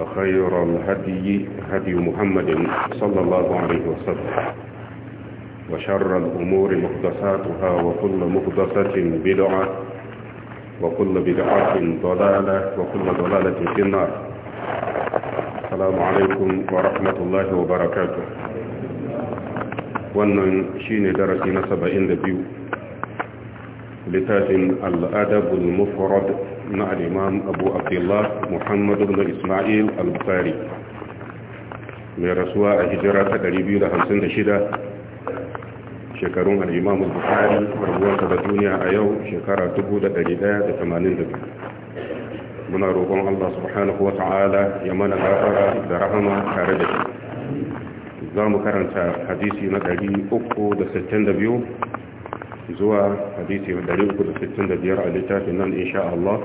وخير الهدي هدي محمد صلى الله عليه وسلم وشر الأمور مقدساتها وكل مقدسة بدعة وكل بدعة ضلالة وكل ضلالة في النار السلام عليكم ورحمة الله وبركاته wannan shine darasi na 72 littafin al الادب المفرد na al'imam abu abdullah muhammadu na ismail al-bukhari mai rasuwa a hijira ta 256 shekarun al'imam al-bukhari rabuwarsa da duniya a yau shekara 1182 muna roƙon allah subhanahu wa ta'ala ya mana gafara da rahama tare da shi za mu karanta hadisi na 362 zuwa hadisi 365 a littafin nan insha Allah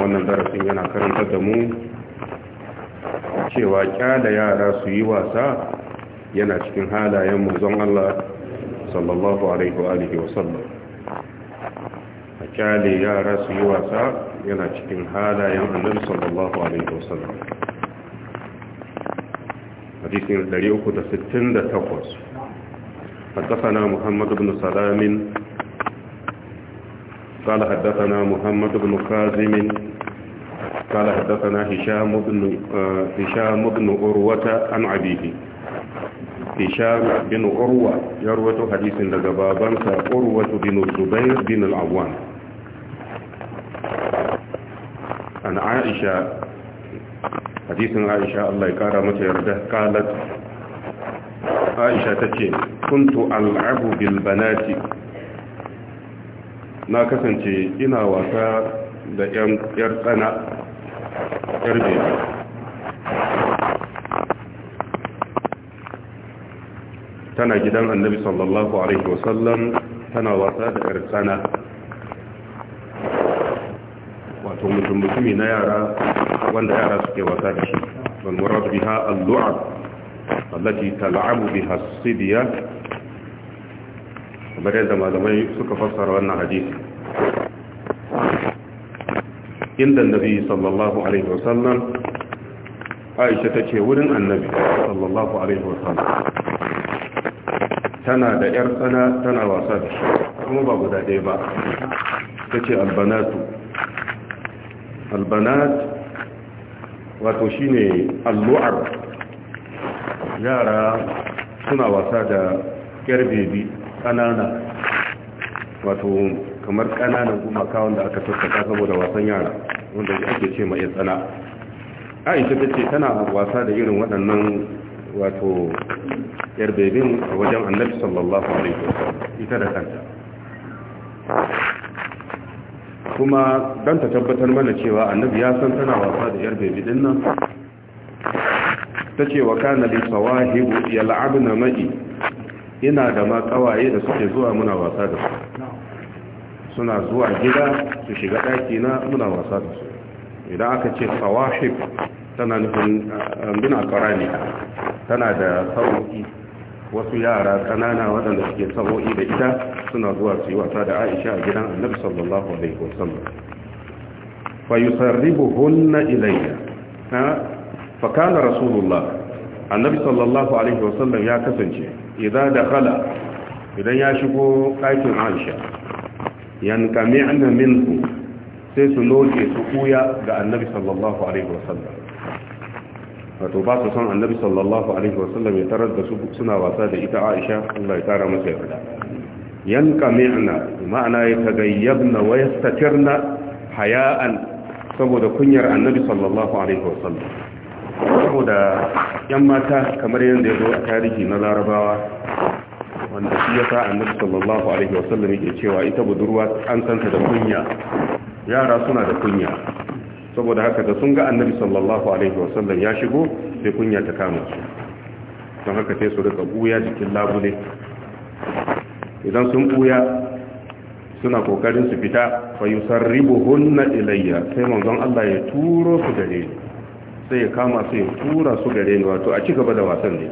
wannan darasin yana karanta da mu cewa kyala yara su yi wasa yana cikin halayen manzon Allah sallallahu alaihi wa alihi wa sallam a kyale yara su yi wasa yana cikin halayen annabi sallallahu alaihi wa sallam hadisin 368 حدثنا محمد بن سلام قال حدثنا محمد بن كاظم قال حدثنا هشام بن آه، هشام بن عروة عن أبيه هشام بن عروة يروى حديث لدى بابنسى عروة بن الزبير بن العوان عن عائشة حديث عائشة الله يكرمها يرده قالت aisha ta ce kuntu al'abu bil banati na kasance ina wasa da yar tsana yar bebe tana gidan annabi sallallahu alaihi wasallam tana wasa da yar tsana wato mutum mutumi na yara wanda yara suke wasa da shi wal murad biha al allati tal'abu biha as-sidya kamar yadda malamai suka fassara wannan hadisi inda annabi sallallahu alaihi wasallam Aisha tace wurin annabi sallallahu alaihi wasallam tana da yar tsana tana wasa kuma ba guda ɗaya ba tace albanatu albanat wato shine allu'ar yara suna wasa da yarbebi bebi ƙanana wato kamar kuma kawon da aka sassaka saboda wasan yara wanda ake ce mai tsana aisha ta ce tana wasa da irin waɗannan wato yar a wajen annabi sallallahu alaihi wasu ita da kanta kuma don ta tabbatar mana cewa annabi ya san tana wasa da yarbebi bebi din nan ta ce wa kana li sawahibu yal'abna ma'i ina da ma ƙawaye da suke zuwa muna wasa da su suna zuwa gida su shiga ɗaki na muna wasa da su idan aka ce sawahib tana nufin eh, bina karani tana da sauki wasu yara kanana waɗanda suke sabo'i da ita suna zuwa su yi wasa da aisha a gidan annabi sallallahu alaihi wasallam fa yusarribuhunna ilayya fakana rasulullah annabi sallallahu alaihi wasallam ya kasance idan da khala idan ya shigo ɗakin aisha yankami anna minku sai su loke su kuya ga annabi sallallahu alaihi wasallam wato ba su san annabi sallallahu alaihi wasallam ya tarar da su suna wasa da ita aisha Allah ya kara masa yarda yankami'na ma'ana ya tagayyabna wa yastatirna haya'an saboda kunyar annabi sallallahu alaihi wasallam saboda yan mata kamar yadda ya zo a tarihi na larabawa wanda shi ya sa annabi sallallahu alaihi wasallam yake cewa ita budurwa an santa da kunya yara suna da kunya saboda haka da sun ga annabi sallallahu alaihi wasallam ya shigo sai kunya ta kama su don haka sai su rika buya jikin labule idan sun buya suna kokarin su fita fa yusarribuhunna ilayya sai manzon Allah ya turo su gare ni sai ya kama su ya tura su gare ni wato a ci gaba da wasan ne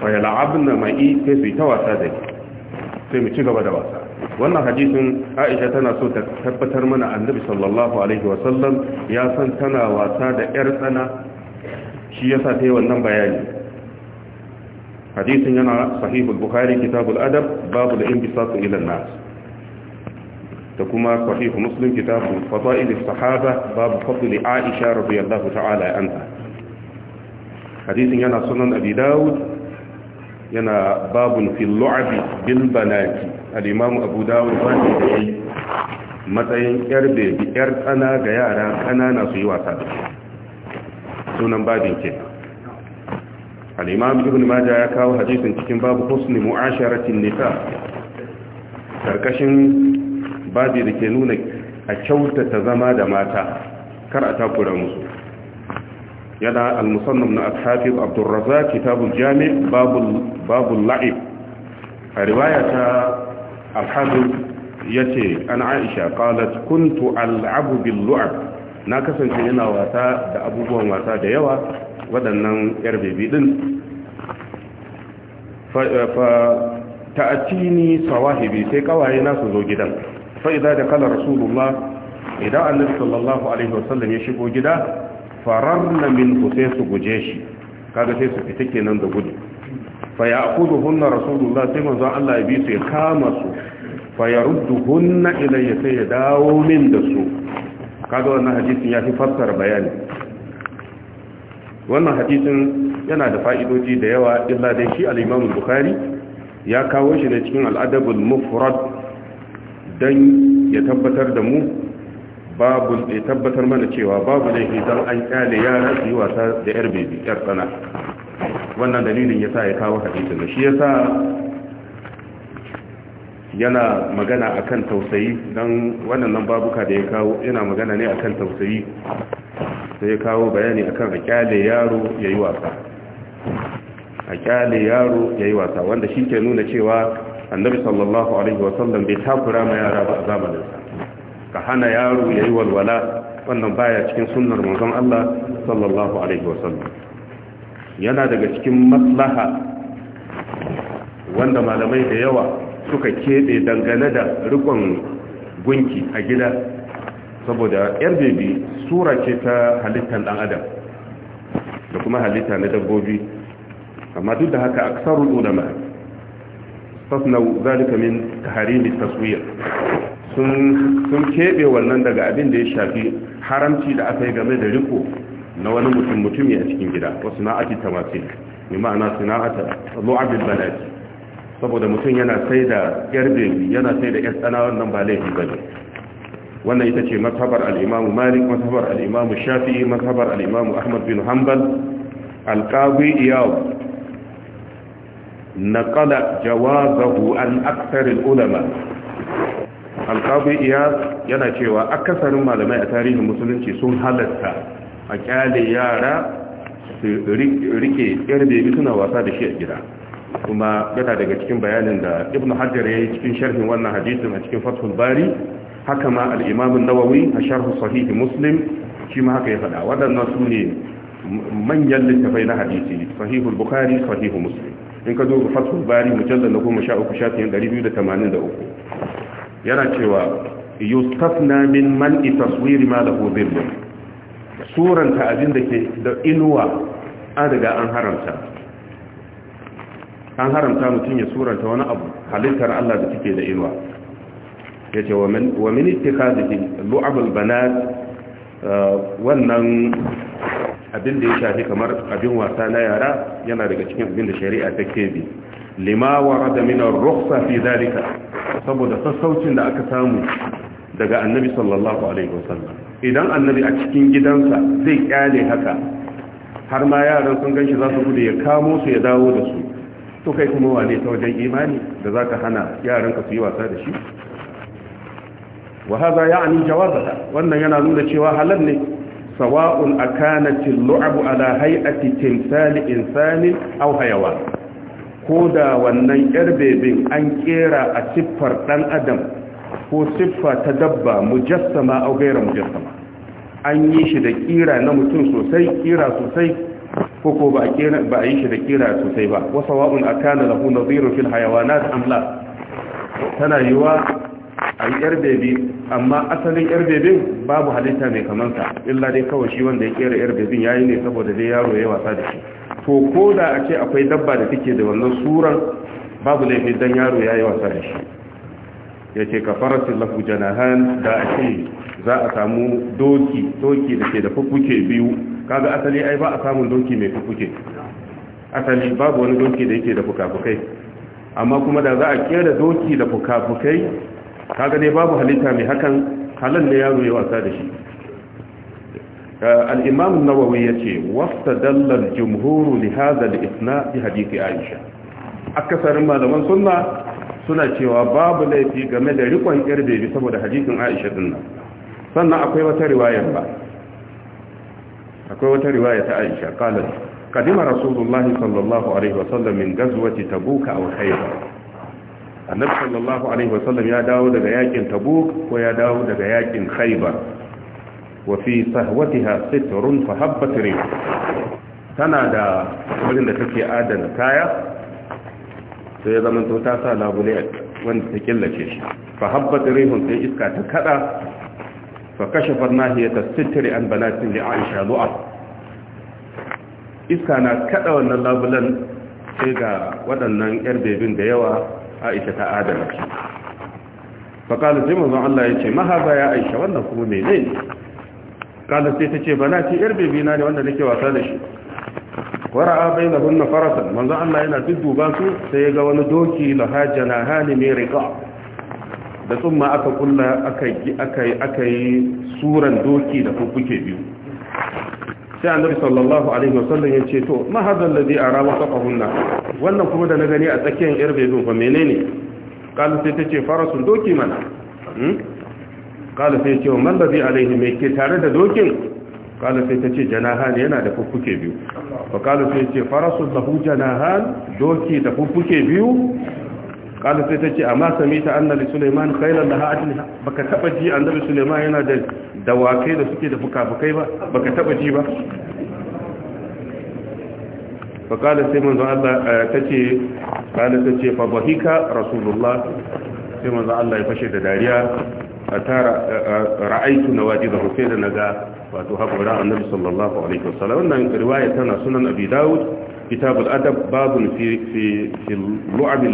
fa ya la'abna ma'i sai su yi ta wasa da sai mu ci gaba da wasa wannan hadisin Aisha tana so ta tabbatar mana Annabi sallallahu alaihi sallam ya san tana wasa da yar tsana shi yasa ta yi wannan bayani hadisin yana sahihul bukhari kitabul adab babu da inbisatu ila nas da kuma sahihu muslim kitabu fadail sahaba babu fadli aisha radiyallahu ta'ala anta. hadisin yana sunan abi daud yana babun fil lu'ab bil banati al-imam abu Dawud, bani da matsayin yar bebi yar tsana ga yara kanana su yi wasa da sunan babin ke al-imam ibn majah ya kawo hadisin cikin babu husni mu'asharatin nisa karkashin babi da ke nuna a kyauta ta zama da mata kar a takura musu yana al-musannam na al-hafiz abdurrazzaq kitabul jami' la'ib a riwaya ta al-hafiz an aisha qalat kuntu al'abu bil lu'ab na kasance yana wasa da abubuwan wasa da yawa waɗannan yar bebi ɗin fa ta'atini sawahibi sai kawaye na su zo gidan fa idza dakala rasulullah idan annabi sallallahu alaihi wasallam ya shigo gida fararna min sai su guje shi kaga sai su fita kenan da gudu fa ya'khudhuhunna rasulullah sai manzo Allah ya bi su ya kama su fa yarudduhunna ilayya sai ya dawo min da su kaga wannan hadisin ya fi fassara bayani wannan hadisin yana da fa'idodi da yawa illa dai shi al-Imam Bukhari ya kawo shi ne cikin al mufrad don ya tabbatar da mu babu ya tabbatar mana cewa babu laifi don an kyale yara su yi wasa da yar bebi yar tsana wannan dalilin ya sa ya kawo hadisin da shi ya sa yana magana akan tausayi don wannan babuka da ya kawo yana magana ne akan tausayi sai ya kawo bayani akan a kyale yaro ya yi wasa a kyale yaro ya yi wasa wanda shi ke nuna cewa annabi sallallahu alaihi wasallam bai takura ma yara ba a zamaninsa ka hana yaro ya yi walwala wannan baya cikin sunnar manzon Allah sallallahu alaihi wasallam yana daga cikin maslaha wanda malamai da yawa suka keɓe dangane da rikon gunki a gida saboda yar bebi sura ce ta halittar ɗan adam da kuma halitta na dabbobi amma duk da haka aksarul ulama fasnau zalika min tahrimi taswir sun sun kebe wannan daga abin da ya shafi haramci da aka yi game da riko na wani mutum mutumi a cikin gida wa sana'ati tamasil bi ma'ana sana'ata al balad saboda mutum yana sai da yar bebi yana sai da yar tsana wannan ba laifi bane wannan ita ce mazhabar al-Imam Malik mazhabar al-Imam Shafi'i mazhabar al-Imam Ahmad bin Hanbal al-Qadi Iyad نقل جوازه an اكثر ulama القاضي اياد yana cewa akasarin malamai a tarihin musulunci sun halatta a kyale yara su rike yar bebi suna wasa da shi a gida kuma yana daga cikin bayanin da ibn hajjar ya yi cikin sharhin wannan hadisin a cikin fathul bari haka ma al'imamin nawawi a sharhu sahih muslim shi ma haka ya faɗa waɗannan su ne manyan littafai na hadisi sahihul Bukhari, sahihu muslim in ka duba fatul bari mujallal na goma sha uku shafin ɗari biyu da tamanin da uku yana cewa yustafna min man itaswiri ma lahu dhillun suranta abin da ke da inuwa an riga an haramta an haramta mutum ya suranta wani abu halittar Allah da suke da inuwa ya ce wa min da ke lu'abul banat wannan abin da ya shafi kamar abin wasa na yara yana daga cikin abin da shari'a ta bi lima warada min ar fi zalika saboda sassaucin da aka samu daga annabi sallallahu alaihi wasallam idan annabi a cikin gidansa zai kyale haka har ma yaran sun ganshi za su gudu ya kamo su ya dawo da su to kai kuma wane ta wajen imani da za ka hana yaranka su yi wasa da shi wa ya ya'ni jawabata wannan yana nuna cewa halal ne sawa'un akanati lu'abu ala hay'ati timsal insani aw hayawan ko da wannan yar an kera a siffar dan adam ko siffa ta dabba mujassama aw ghayra mujassama an yi shi da kira na mutum sosai kira sosai ko ko ba kira ba yi shi da kira sosai ba wa sawa'un akana lahu nadhiru fil hayawanat am la tana yiwa a yi yar bebe amma asalin yar bebe babu halitta mai kamansa illa dai kawai shi wanda ya kera yar bebin ya yi ne saboda dai yaro ya wasa da shi to ko da a ce akwai dabba da take da wannan suran babu laifi dan yaro ya yi wasa da shi ya ce ka farasin lafu janahan da a ce za a samu doki doki da ke da fukuke biyu kaga asali ai ba a samun doki mai fukuke asali babu wani doki da yake da fukafukai amma kuma da za a kera doki da fukafukai kaga ne babu halitta mai hakan halin da yaro ya wasa da shi eh, al-imam an-nawawi yace wastadalla al-jumhur li hadha al-ithna bi hadith aisha akasarin malaman sunna suna cewa babu laifi game da rikon irbe saboda hadisin aisha din sannan akwai wata riwaya ba akwai wata riwaya ta aisha qalat قدم رسول الله صلى الله min وسلم من غزوة تبوك أو خيبر annabi sallallahu alaihi wasallam ya dawo daga yakin tabuk ko ya dawo daga yakin khaybar wa fi sahwatiha sitrun fa habbat tana da wurin da take adana kaya sai ya zama to ta sa labule wanda ta killace shi fa habbat rihun sai iska ta kada fa kashafa nahiyata sitri an banatin li aisha du'a iska na kada wannan labulan sai ga waɗannan yar bebin da yawa aisha ta adana shi faƙala sai mazan Allah ya ce mahaza ya aisha wannan kuma mai ne ƙala sai ta ce bana ce yar bebi na ne wanda nake wasa da shi wara'a bai na hunna farasan manzan Allah yana dudduba su sai ya ga wani doki lahaja na hali mai riƙa da tsumma aka kulla aka yi suran doki da kuke biyu sai annabi sallallahu alaihi wasallam ya ce to ma hadha alladhi arama wa taqahunna wannan kuma da na gani a tsakiyar yar bedo fa menene kalu sai tace farasun doki mana kalu hmm? sai ce man ladhi alaihi mai ke tare da dokin kalu sai tace janahan yana da fuffuke biyu fa kalu sai ce farasun lahu janahan doki da fuffuke biyu kala sai ta ce amma sami ta annabi suleiman khairan da ha'atliha baka taba ji annabi suleiman yana da dawakai da suke da fukafukai ba baka taba ji ba fa kala sai manzon Allah eh, ce kala tace fa bahika rasulullah sai manzon Allah ya fashe da dariya a tara ra'aitu nawajiba sai da naga wato haƙura sallallahu riwaya tana sunan abi dawud kitabul adab babu fi fi fi lu'ab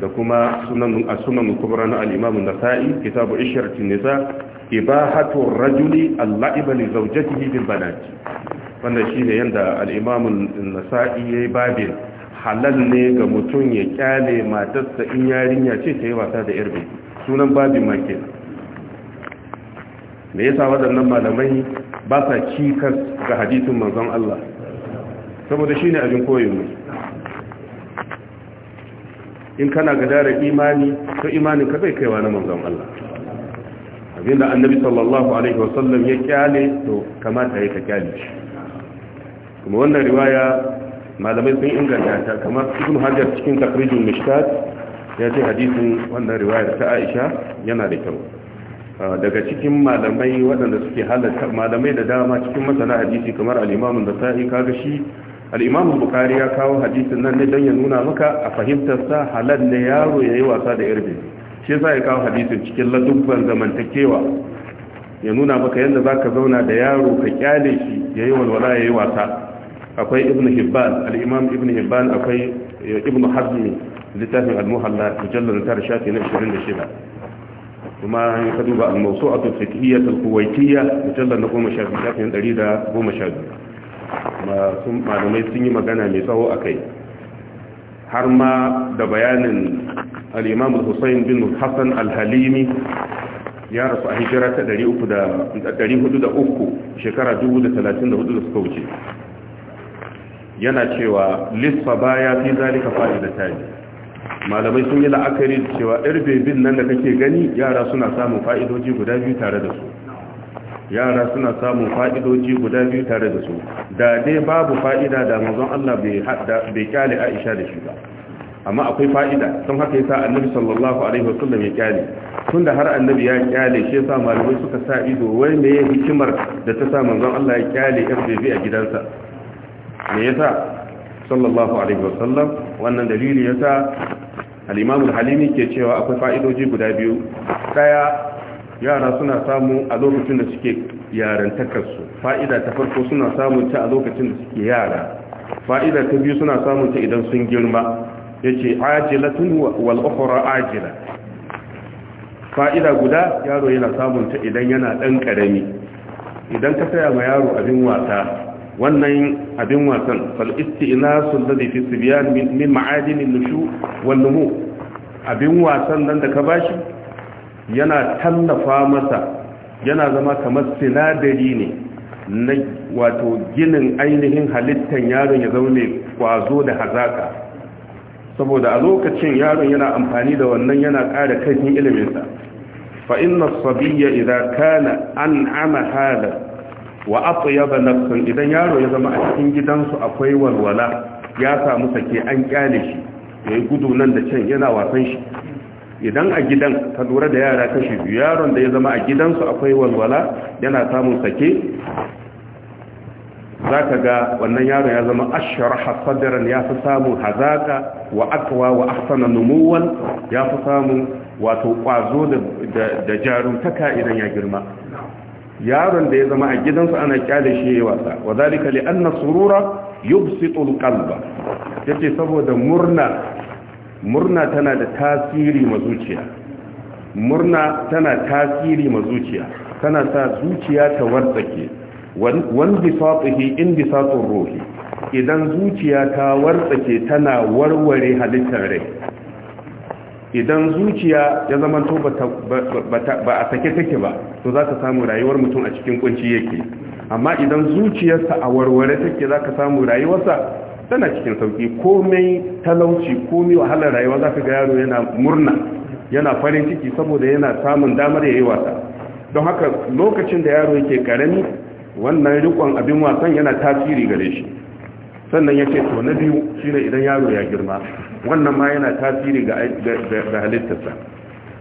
da kuma sunan as-sunan kubra na al-imam an-nasa'i kitabu ishrati nisa ibahatu ar-rajuli al-la'ib li zawjatihi bil banati wannan shine yanda al-imam an-nasa'i yayi babin halal ne ga mutum ya kyale matarsa in yarinya ce ta yi wasa da yarbe sunan babin ma kenan me yasa waɗannan malamai ba sa cikas ga hadisin manzon Allah saboda shi ne abin koyin mu in kana gadara imani to imanin ka zai kaiwa na manzon Allah abinda annabi sallallahu alaihi wasallam ya kyale to kamata ya ka kyale shi kuma wannan riwaya malamai sun inganta ta kamar ibn hajar cikin takrijul mishkat ya ce hadisin wannan riwayar ta Aisha yana da kyau ah, daga cikin malamai waɗanda suke halatta malamai da dama cikin masana hadisi kamar al-Imam Nasa'i kaga shi al'imamu bukari ya kawo hadisin nan ne don ya nuna maka a fahimtarsa halal ne yaro ya yi wasa da irbin shi za ya kawo hadisin cikin ladubban zamantakewa ya nuna maka yadda za ka zauna da yaro ka kyale shi ya yi walwala ya yi wasa akwai ibn hibban al'imam ibn hibban akwai eh, ibn hazmi littafin al-muhalla mujallar tara shafi na 26 kuma ya ka duba al-mawsu'atu fiqhiyyatul kuwaitiyya mujallar na 10 shafi 112 malamai sun yi magana mai tsawo a kai har ma da bayanin al’imamu hussein bin hassan al-halimi ya rasu a hijira ta 403 shekara 1034 da suka wuce yana cewa lisfa baya fi zalika da ta yi malamai sun yi la'akari cewa 'yar bebin nan da kake gani yara suna samun fa'idoji guda biyu tare da su yara suna samun fa'idoji guda biyu tare da su da dai babu fa'ida da mazan Allah bai kyale aisha da shi ba amma akwai fa'ida don haka yasa annabi sallallahu alaihi wasallam ya kyale tunda har annabi ya kyale shi yasa malamai suka sa ido wai me hikimar da ta sa mazan Allah ya kyale yar bebe a gidansa me yasa sallallahu alaihi wasallam wannan dalili yasa al-imam al-halimi ke cewa akwai fa'idoji guda biyu daya yara suna samu a lokacin da suke yarantakarsu fa'ida ta farko suna samun ta a lokacin da suke yara fa'ida ta biyu suna samun ta idan sun girma ya ce ajilatun wal'ukura ajila fa'ida guda yaro yana samun ta idan yana ɗan ƙarami idan ka saya ma yaro abin wasa wannan abin wasan fal'isti ina sun da fi su biya min ma'adinin nushu wannan mu abin wasan nan da ka bashi yana tallafa masa yana zama kamar sinadari ne na wato ginin ainihin halittar yaron ya zaune kwazo da hazaka saboda a lokacin yaron yana amfani da wannan yana ƙara kaifin iliminsa fa inna sabiyya idza kana ama hada wa atyaba idan yaro ya zama a cikin gidansu akwai walwala ya samu sake an kyale shi yayi gudu nan da can yana wasan shi idan a gidan ka lura da yara kashi biyu yaron da ya zama a gidansu akwai walwala yana samun sake za ka ga wannan yaron ya zama asharaha sadaran ya fi samun hazaka wa akwa wa ahsana numuwan ya fi samun wato kwazo da jarumtaka idan ya girma yaron da ya zama a gidansu ana kyale shi yayi wasa wa zalika li anna surura yubsitul alqalba yace saboda murna murna tana da tasiri ma zuciya murna tana tasiri ma zuciya tana sa zuciya ta wartsake wanda fatihi indi satun ruhi idan zuciya ta wartsake tana warware halittar rai idan zuciya ya zama to ba a sake take ba to za ka samu rayuwar mutum a cikin kunci yake amma idan zuciyarsa a warware take za ka samu rayuwarsa tana cikin sauki komai talauci komai wahalar rayuwa za zaka ga yaro yana murna yana farin ciki saboda yana samun damar yayi wasa don haka lokacin da yaro yake karami wannan rikon abin wasan yana tasiri gare shi sannan yake to na biyu shine idan yaro ya girma wannan ma yana tasiri ga ga halittarsa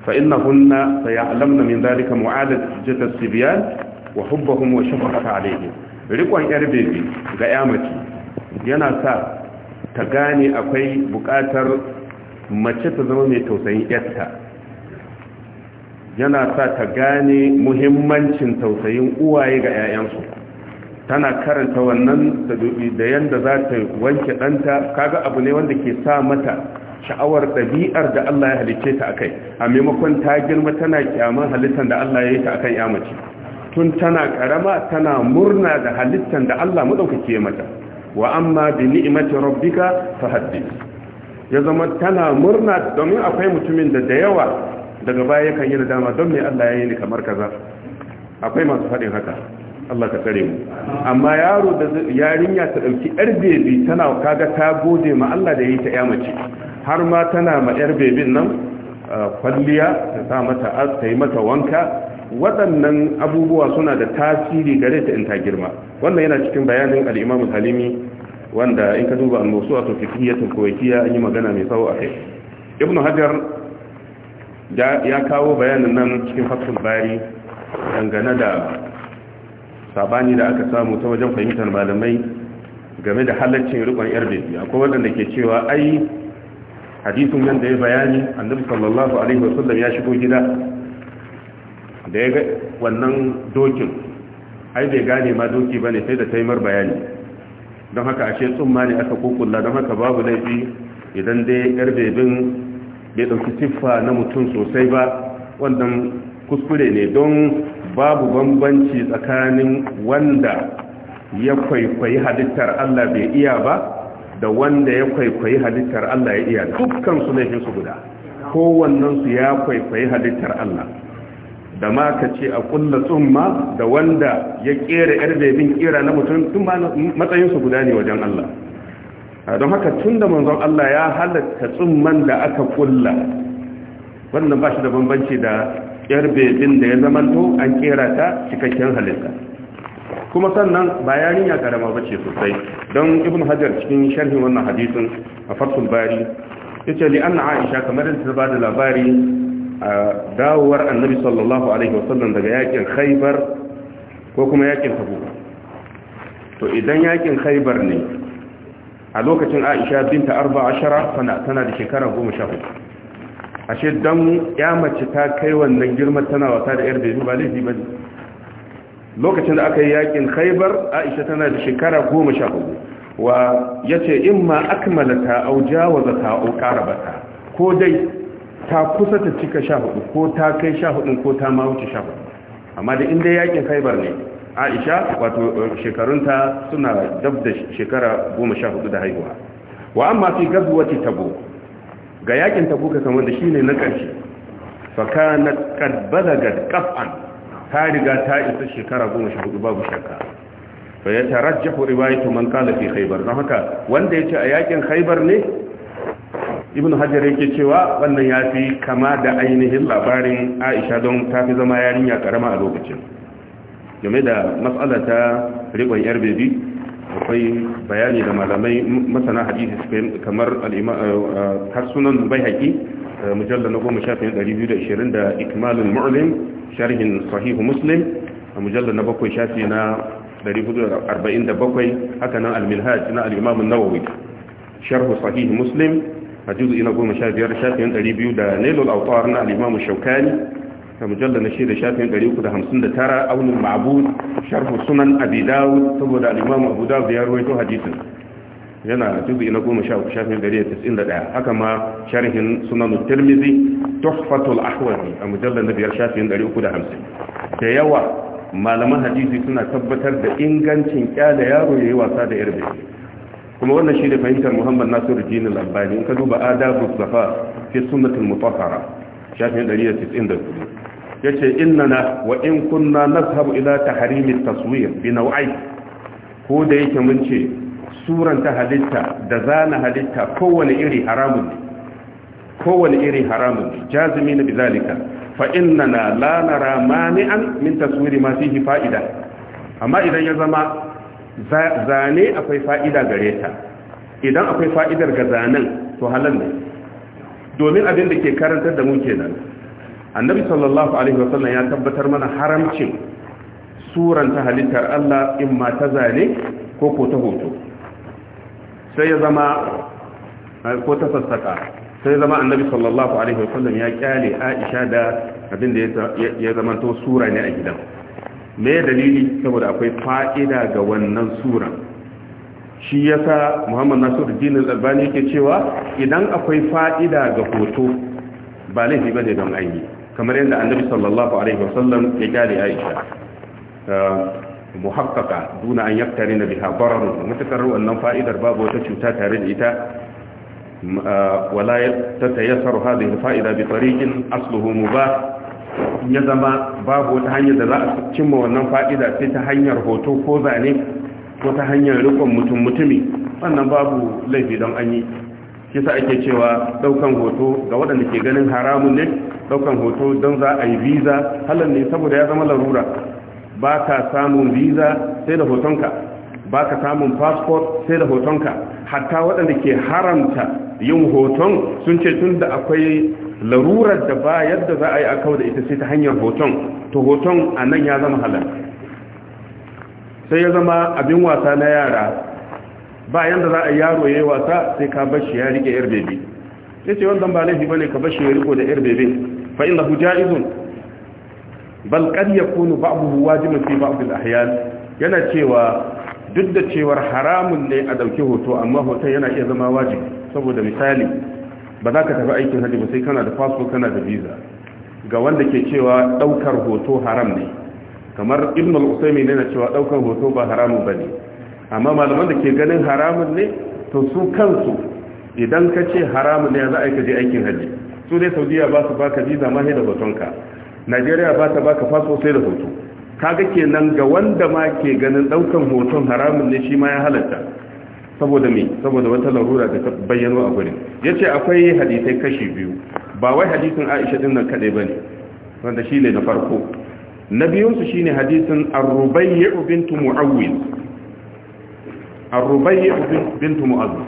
fa innahunna sayalamna min zalika mu'adat jatas wa hubbahum wa shafaqata alayhi rikon yar bebi ga yamaci yana sa ta gane akwai bukatar mace ta zama mai tausayin yarta yana sa ta gane muhimmancin tausayin uwaye ga 'ya'yansu tana karanta wannan da yadda za ta wanke ɗanta kaga abu ne wanda ke sa mata sha'awar ɗabi'ar da Allah ya halicce ta akai a maimakon ta girma tana kyaman halittar da Allah ya yi ta akan ya mace tun tana karama tana murna da halittar da Allah madaukake mata wa amma bi ni'imati rabbika fahaddith ya zama tana murna domin akwai mutumin da da yawa daga baya kan yi nadama don me Allah ya yi ni kamar kaza akwai masu fadin haka Allah ka tsare mu amma yaro da yarinya ta dauki yar bebi tana kaga ta gode ma Allah da yayi ta mace. har ma tana ma yar bebin nan ah, kwalliya ta mata ta yi mata wanka waɗannan abubuwa suna da tasiri gare ta in ta girma wannan yana cikin bayanin al-Imam Salimi wanda in ka duba al-Mawsu'a to fiqhiyatul Kuwaitiyya an yi magana mai tsawo a kai Ibn Hajar ya kawo bayanin nan cikin Fathul Bari dangane da sabani da aka samu ta wajen fahimtar malamai game da halaccin rikon yar bebi akwai waɗanda ke cewa ai hadisin nan da ya bayani annabi sallallahu alaihi wasallam ya shigo gida da ya ga wannan dokin ai bai gane ma doki ba ne sai da taimar bayani don haka ashe tsumma ne aka kukulla don haka babu laifi idan dai yar bebin bai ɗauki siffa na mutum sosai ba wannan kuskure ne don babu bambanci tsakanin wanda ya kwaikwayi halittar Allah bai iya ba da wanda ya kwaikwayi halittar Allah ya iya dukkan su laifin su guda kowannensu ya kwaikwayi halittar Allah da ma ka ce a kulla tsumma da wanda ya kera yar bebin kera na mutum tun matsayinsu guda ne wajen Allah don haka tun da manzon Allah ya halatta tsumman da aka kulla wannan ba shi da bambanci da yar bebin da ya zamanto an kera ta cikakken halitta kuma sannan ba yarinya karama ba ce sosai don ibn hajar cikin sharhin wannan hadisin a fatul bari ya ce na aisha kamar yadda ta ba da labari a dawowar annabi sallallahu alaihi wasallam daga yakin khaybar ko kuma yakin tabu to idan yakin khaybar ne a lokacin aisha binta 14 ashara tana da shekara goma sha hudu ashe dan ya mace ta kai wannan girma tana wasa da yar bebi ba laifi ba ne lokacin da aka yi yakin khaybar aisha tana da shekara goma sha hudu wa yace imma in ma akmalata aw jawazata aw karabata ko dai ta kusa ta cika sha hudu ko ta kai sha hudun ko ta ma wuce sha hudu amma da inda yakin khaibar ne aisha wato uh, shekarunta suna dab da shekara goma sha hudu da haihuwa wa amma fi gazuwati tabo ga yakin tabo ka kamar da shi ne na ƙarshe faka na ƙadbada ga ƙaf'an ta riga ta isa shekara goma sha hudu babu shakka fa ya tarajjahu riwayatu man qala fi khaybar don haka wanda yace a yakin khaybar ne ibn hajar yake cewa wannan ya fi kama da ainihin labarin aisha don ta fi zama yarinya karama a lokacin game da matsala ta riƙon yar bebi akwai bayani da malamai masana hadisi suka kamar eh, eh, har sunan bai haƙi eh, mujallar na goma shafin 220 da ikmalin mu'lim sharhin sahihu muslim a mujallar na bakwai shafi na 447 haka nan alminhaj na al'imamun nawawi sharhu sahihu muslim a juzu ina goma sha biyar shafin ɗari biyu da nailul autar na alimamu shaukani ta mujallar na shida shafin ɗari uku da hamsin da tara aunin الإمام أبو sunan abi dawud saboda alimamu abu yana ina goma sha uku shafin ɗari da tasirin da ɗaya haka ma sharhin sunan tirmizi tuhfatul Ahwazi a mujallar na biyar shafin ɗari uku da hamsin da yawa malaman hadisi suna tabbatar da ingancin kyale yaro ya yi wasa da biki. kuma wannan shi da fahimtar muhammad nasiru jini albani in ka duba adabu safa fi sunnatul mutahhara shafin 194 yace innana wa in kunna nazhabu ila ta at-taswir bi naw'ai ko da yake mun ce suran ta halitta da zana halitta kowane iri haramun ne kowane iri haramun ne jazimi na bizalika fa innana la nara mani'an min taswiri ma fihi fa'ida amma idan ya zama zane akwai fa'ida gare ta idan akwai fa'idar ga zanen to halal ne domin abin da ke karantar da mu kenan annabi sallallahu alaihi wasallam ya tabbatar mana haramcin suranta halittar Allah in ma ta zane ko ko ta hoto sai ya zama eh, ko ta sassaka sai zama annabi sallallahu alaihi wasallam ya kyale Aisha da abin da ya zama to sura ne a gidan me dalili saboda akwai fa'ida ga wannan sura shi yasa Muhammad Nasiruddin Al-Albani yake cewa idan akwai fa'ida ga hoto ba laifi ne don aiki. kamar yadda Annabi sallallahu alaihi wasallam ya gari Aisha muhakkaka duna an yaktari na biha bararun matakar wannan fa'idar babu wata cuta tare da ita wala ta da hadhihi fa'ida bi tariqin asluhu mubah ya zama babu wata hanyar da za a cimma wannan fa'ida sai ta hanyar hoto ko zane ko ta hanyar rikon mutum mutumi wannan babu laifi don an yi kisa ake cewa daukan hoto ga waɗanda ke ganin haramun ne daukan hoto don za a yi visa halar ne saboda ya zama larura ba ka samun visa sai da hotonka ba ka samun passport sai da hotonka hatta waɗanda ke haramta yin hoton sun ce tun da akwai larurar da ba yadda za a yi a kawo da ita sai ta hanyar hoton to hoton a nan ya zama halar sai ya zama abin wasa na yara ba yadda za a yaro ya yi wasa sai ka bashi ya rike yar bebe ya ce wannan ba laifi ba ne ka bashi ya riko da yar bebe fa inda hu ja'izun bal kad yakunu ba'dahu wajiban fi ba'd al-ahyan yana cewa duk da cewar haramun ne a ɗauki hoto amma hoton yana iya zama wajibi saboda misali ba za ka tafi aikin hajji ba sai kana da fasfo kana da visa ga wanda ke cewa daukar hoto haram ne kamar ibn al-usaimi ne na cewa daukar hoto ba haramu ba ne amma malaman da ke ganin haramun ne to su kansu idan ka ce haramun ne za a je aikin hajji su dai saudiya ba su baka visa ma sai da hotonka najeriya ba ta baka fasfo sai da hoto kaga kenan ga wanda ma ke ganin daukan hoton haramun ne shi ma ya halatta saboda me saboda wata larura da ta bayyano a gurin ce akwai hadisai kashi biyu ba wai hadisin Aisha din nan kaɗai kadai bane wanda ne na farko na biyunsu su shine hadisin Ar-Rubayy bint Muawwil Ar-Rubayy bint Muawwil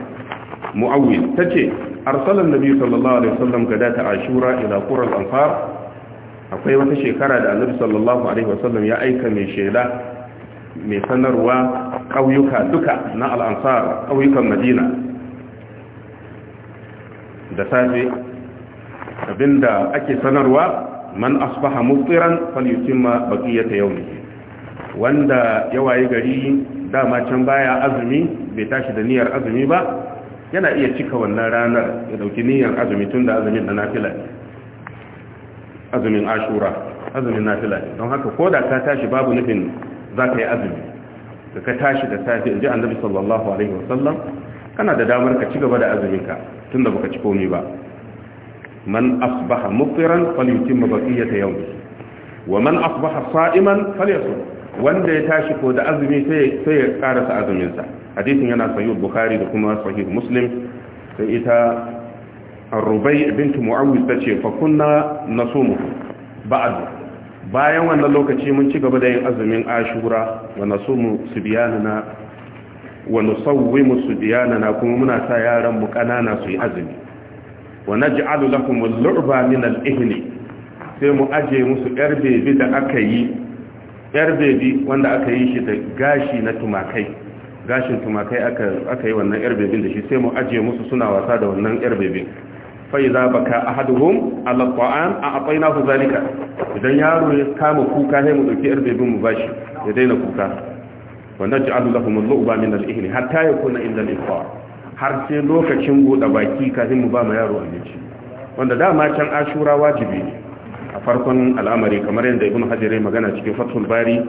Muawwil tace arsala an-nabi sallallahu alaihi wasallam gadata Ashura ila qura al akwai wata shekara da Annabi sallallahu alaihi wasallam ya aika mai shaida. mai sanarwa ƙauyuka duka na al'ansar ƙauyukan madina da safe abinda ake sanarwa man asbaha muftiran falyutimma yau ne. wanda ya gari dama can baya azumi bai tashi da niyyar azumi ba yana iya cika wannan ranar ya dauki niyyar azumi tun da azumin da nafila azumin ashura azumin nafila don haka ko da ka tashi babu nufin za ka yi azumi da ka tashi da safe in ji annabi sallallahu alaihi wasallam kana da damar ka ci gaba da azuminka tun da baka ci komai ba man asbaha mufiran falyutim baqiyata yawmi wa man asbaha sa'iman falyasum wanda ya tashi ko da azumi sai sai ya karasa azumin sa hadisin yana sahih bukhari da kuma sahih muslim sai ita rubai الربيع بنت معوذ تشي فكنا نصومه بعد bayan wannan lokaci mun ci gaba da yin azumin ashura wa nasumu subyanana wa nusawwimu na kuma muna sa yaran mu kanana su yi azumi wa naj'alu lakum al-lu'ba min al sai mu aje musu yar bebi da aka yi yar bebi wanda aka yi shi da gashi na tumakai gashin tumakai aka aka yi wannan yar bebin da shi sai mu aje musu suna wasa da wannan yar bebin faiza baka ahaduhum ala ta'am a atainahu zalika idan yaro ya kama kuka sai mu dauki yar bebin mu bashi ya daina kuka Wannan naj'alu lahum al-lu'ba min al-ihli hatta yakuna inda al-iftar har sai lokacin goda baki kafin mu ba ma yaro abinci wanda dama can ashura wajibi ne a farkon al'amari kamar yadda ibn hajar ya magana cikin fathul bari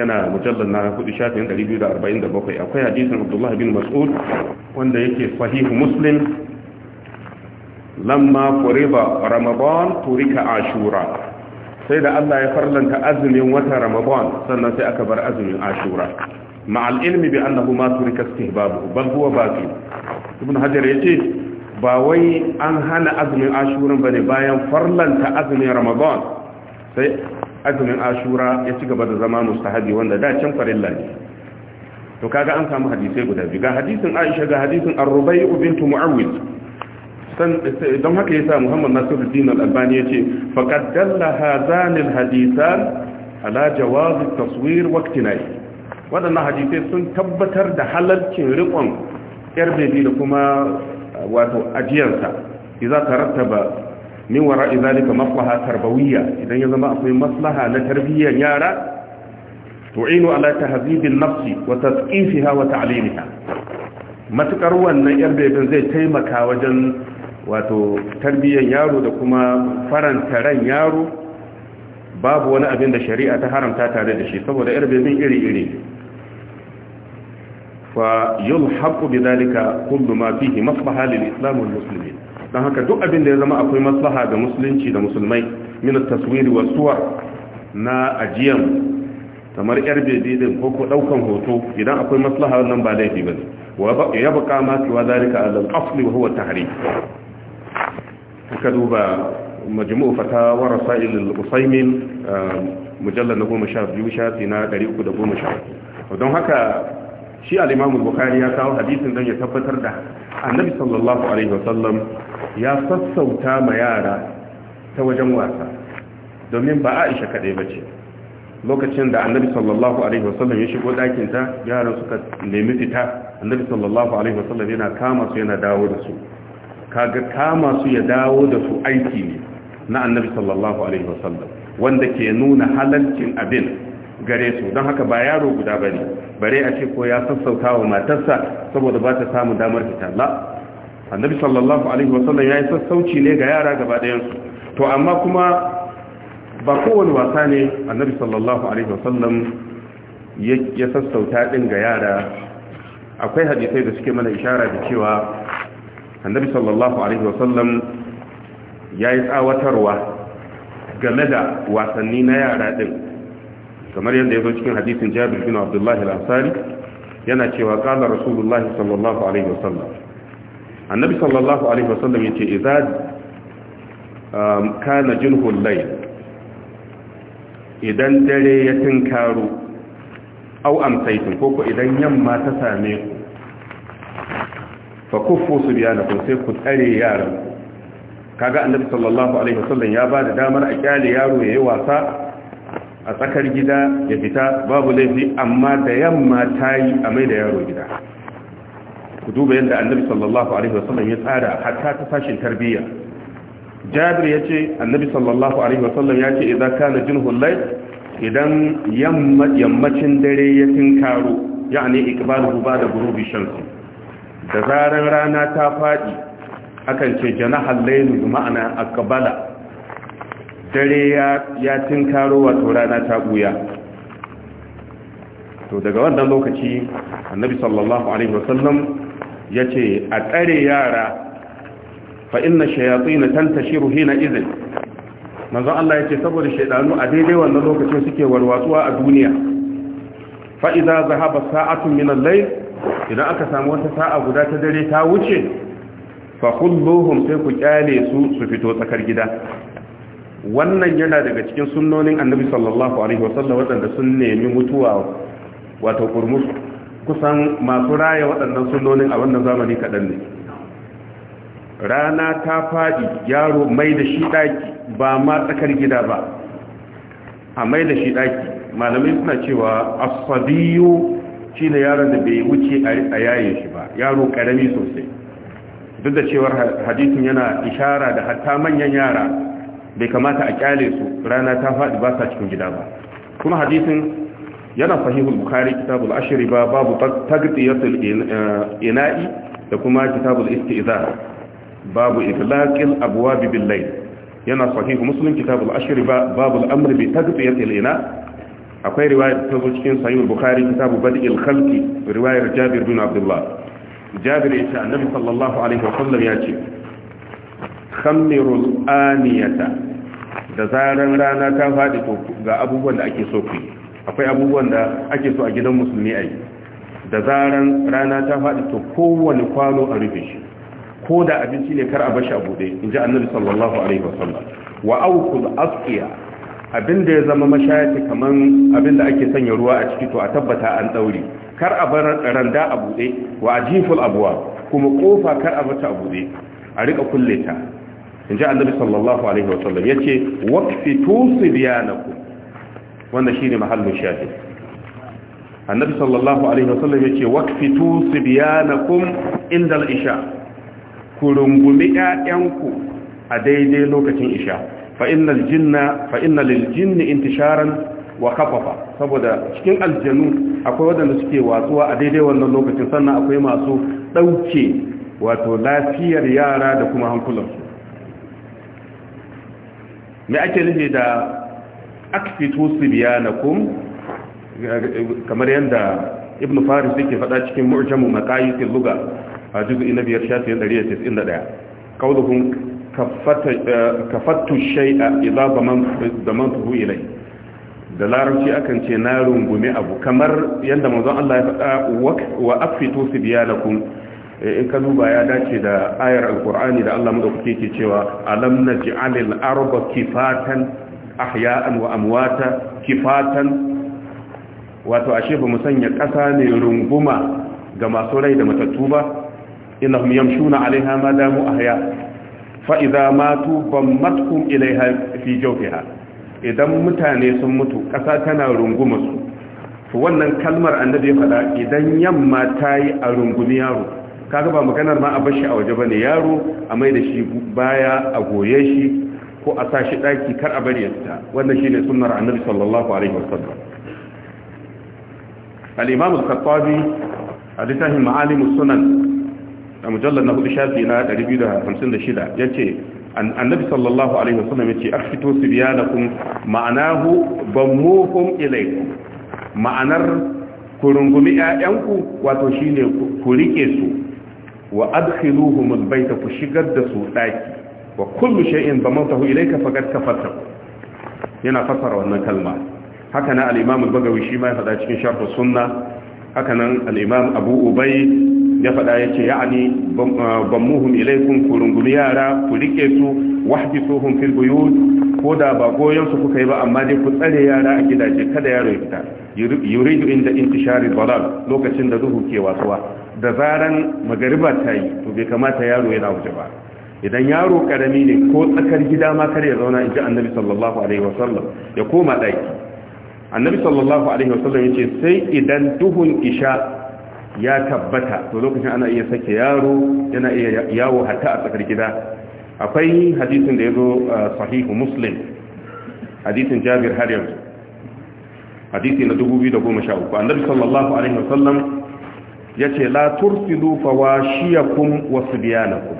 yana mujallar na hudu shafin 247 akwai hadisin abdullah bin mas'ud wanda yake sahihu muslim lamma furiba ramadan turika ashura sai da Allah ya farlanta azumin wata ramadan sannan sai aka bar azumin ashura ma'al ilmi bi annahu ma turika istihbabu bal huwa baqi ibn hajar yace ba wai an hana azumin ashura bane bayan farlanta azumin ramadan sai azumin ashura ya ci gaba da zama mustahabi wanda da can farilla ne to kaga an samu hadisi guda biyu ga hadisin Aisha ga hadisin Ar-Rubai'u bint Mu'awwid don haka yasa Muhammad Nasiruddin Al-Albani yace faqad dalla hazan al-hadithan ala taswir wa iktinai hadisai sun tabbatar da halarcin riƙon yar bebi da kuma wato ajiyarsa idza rattaba min wara'i zalika maslaha tarbawiyya idan ya zama akwai maslaha na tarbiyyar yara tu'inu ala tahzibin nafsi wa tasqifiha wa ta'limiha matukar wannan yar bebin zai taimaka wajen wato tarbiyyar yaro da kuma faranta ran yaro babu wani abin da shari'a ta haramta tare da shi saboda irbin iri-iri fa yulhaqu bidhalika kullu ma fihi maslaha lil islam wal muslimin dan haka duk abin da ya zama akwai maslaha ga musulunci da musulmai min at-taswir wa suwar na ajiyan kamar yar bebe din ko ko daukan hoto idan akwai maslaha wannan ba laifi bane wa ya baka ma kiwa zalika al-asli wa huwa tahrim ka duba majmu'u fatawa rasail al-usaymin um, mujallal 12 shafi na 310 don haka shi al-imam bukhari ya kawo hadisin dan ya tabbatar da annabi sallallahu alaihi wasallam ya sassauta ma yara ta wajen wasa domin ba Aisha kadai ce. lokacin da annabi sallallahu alaihi wasallam ya shigo ɗakinta yaran suka nemi fita annabi sallallahu alaihi wasallam yana kama su yana dawo da su kaga kama su ya dawo da su aiki ne na annabi sallallahu alaihi wasallam wanda ke nuna halalcin abin gare su don haka ba yaro guda ne bare a ce ko ya sassauta wa matarsa saboda ba ta samu damar fita la annabi sallallahu alaihi wasallam yi sassauci ne ga yara gaba ɗayan to amma kuma ba kowane wasa ne annabi sallallahu alaihi wasallam ya sassauta din ga yara akwai hadisai da suke mana ishara da cewa annabi sallallahu alaihi wasallam ya yi tsawatarwa game da wasanni na yara din kamar yadda ya zo cikin hadisin jabir bin abdullahi al-ansari yana cewa kala rasulullah sallallahu alaihi wasallam annabi sallallahu alaihi wasallam yace idza um, kana jin hulai idan dare ya tinkaro au amsaitin ko ko idan yamma ta same ku fa kuffu subyanakum sai ku tsare yaran kaga annabi sallallahu alaihi wasallam ya ba da damar a kyale yaro yayi wasa a tsakar gida ya fita babu laifi amma da yamma tayi a mai da yaro gida ku duba yadda annabi sallallahu alaihi wasallam ya tsara hatta ta fashin tarbiyya jabir ya ce annabi sallallahu alaihi wasallam ya ce idan kana jinhul layl idan yammacin dare ya tinkaro yani ikbalu ba da gurubi shamsi da zarar rana ta faɗi akan ce janahal laylu ma'ana Kabbala. dare ya tinkaro wato rana ta buya to daga wannan lokaci annabi sallallahu alaihi wasallam yace a tsare yara fa inna shayatin tantashiru hina idhin manzo Allah yace saboda shaidanu a daidai wannan lokacin suke warwatsuwa a duniya Fa'iza zahaba sa'atun min al idan aka samu wata sa'a guda ta dare ta wuce fa kulluhum sai ku kyale su su fito tsakar gida wannan yana daga cikin sunnonin annabi sallallahu alaihi wasallam wadanda sun nemi mutuwa wato kurmus kusan masu raya waɗannan sunnonin a wannan zamani kaɗan ne rana ta faɗi yaro mai da shi ɗaki ba ma tsakar gida ba a mai da shi ɗaki malamai suna cewa asabiyu shine yaron da bai wuce a yayin shi ba yaro karami sosai duk da cewar hadisin yana ishara da hatta manyan yara bai kamata a kyale su rana ta faɗi ba sa cikin gida ba kuma hadisin yana sahihul bukhari kitabul ashri ba babu tagtiyatul eh, ina'i da kuma kitabul istizar babu itlaqil abwab bil layl yana sahihu muslim kitabul ashri ba babu al-amr bi tagtiyatil ina akwai riwayar ta zo cikin sahih bukhari kitabu badil khalqi riwayar jabir bin abdullah jabir ya ce annabi sallallahu alaihi wa sallam ya ce khammirul aniyata da zaran rana ta faɗi ga abubuwan da ake so ku akwai abubuwan da ake so a gidan musulmi a yi da zaran rana ta faɗi to kowane kwano a rufe shi ko da abinci ne kar a bashi a buɗe in ji annabi sallallahu alaihi wa sallam. wa aukul asqiya abinda ya zama mashayati kaman abinda ake sanya ruwa a ciki to a tabbata an daure kar a bar randa a bude wa ajiful abwa kuma kofa kar a bata a bude a rika kulle ta inji annabi sallallahu alaihi wa sallam yace waqfi tusbiyanakum wannan shine mahallin shahid annabi sallallahu alaihi wa sallam yace waqfi tusbiyanakum indal isha ku rungumi ƴaƴanku a daidai lokacin isha فإن الجن فإن للجن انتشارا وخففا saboda cikin aljanu akwai wadanda suke watsuwa a daidai wannan lokacin sannan akwai masu dauke wato lafiyar yara da kuma hankulan su me ake nufi da akfitu sibyanakum kamar yanda ibnu faris yake faɗa cikin mu'jamu maqayis al-lugha a juz'i na 5 shafi 191 qauluhum kafattu eh, da idza zamantuhu ilai da larabci akan ce na rungume abu kamar yadda mazan Allah ya faɗa wa afitu sibyalakum eh, in ka duba ya dace da ayar alqur'ani da Allah madaukake ke cewa alam naj'alil arba kifatan ahya'an wa amwata kifatan wato ashe ba sanya ƙasa ne runguma ga masu rai da matattu ba innahum yamshuna alaiha ma damu ahya fa'iza matu ban matkun ilaiha fi jaufiha idan mutane sun mutu ƙasa tana runguma su to wannan kalmar annabi ya faɗa idan yamma ta yi a rungumi yaro kaga ba maganar ma a bashi a waje ba ne yaro a mai da shi baya a goye shi ko a sa shi ɗaki kar a bari ya fita wannan shi ne sunnar annabi sallallahu alaihi wasallam al-imam al-khattabi a littafin ma'alimus sunan a mujallar na hudu shafi na 256 ya ce annabi sallallahu alaihi wasallam ya ce akfito sibyanakum ma'anahu bammuhum ilaikum ma'anar ku rungumi ƴaƴanku wato shi ne ku rike su wa adkhiluhum albayta ku shigar da su ɗaki. wa kullu shay'in bamatahu ilayka faqad kafarta yana fassara wannan kalma haka nan al-imam al-bagawi shi ma ya faɗa cikin sharh sunna haka nan al-imam abu ubay ya faɗa ya ce ya'ani bammuhum ah, ilaikum ku rungumi yara ku rike su wahdi suhum fil ko da ba goyon su kuka yi ba amma dai ku tsare yara a gidaje kada yaro ya fita yuridu inda intishari balal lokacin da duhu ke wasuwa da zaran magariba ta yi to bai kamata yaro yana waje ba idan yaro karami ne ko tsakar gida ma kar ya zauna in ji annabi sallallahu alaihi wasallam ya koma ɗaki annabi sallallahu alaihi wasallam ya ce sai idan duhun isha ya tabbata to lokacin ana iya sake yaro yana iya yawo hatta a tsakar gida akwai hadisin da ya zo uh, sahihu muslim hadisin jabir har yanzu hadisi na 2013 annabi sallallahu alaihi wasallam yace la tursidu fawashiyakum wa subyanakum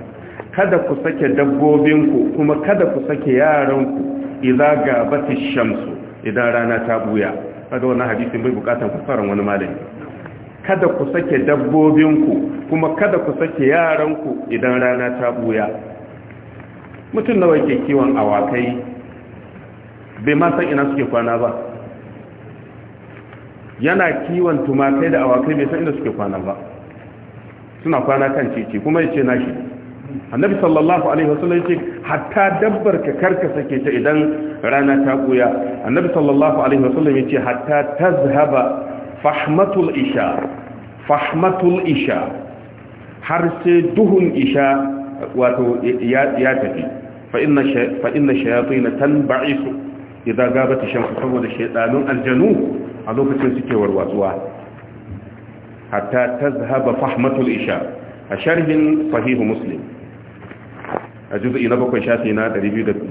kada ku sake dabbobinku kuma kada ku sake yaranku idza gabatish shamsu idan rana ta buya kaga wannan hadisin bai bukatan fasaran wani malami kada ku sake dabbobinku kuma kada ku sake yaranku idan rana ta buya mutum nawa ke kiwon awakai bai ma san ina suke kwana ba yana kiwon tumakai da awakai bai san ina suke kwana ba suna kwana kan cici kuma ya ce nashi annabi sallallahu alaihi wasallam yace hatta dabbar ka karka sake ta idan rana ta buya annabi sallallahu alaihi wasallam yace hatta tazhaba fahmatul isha fahmatul isha har sai duhun isha wato ya tafi fa inna shayatina tanba'isu idza gabat shamsu saboda shaydanun aljanu a lokacin suke warwatsuwa hatta tazhaba fahmatul isha a sharhin sahihu muslim a juz'i na bakwai shafi na 205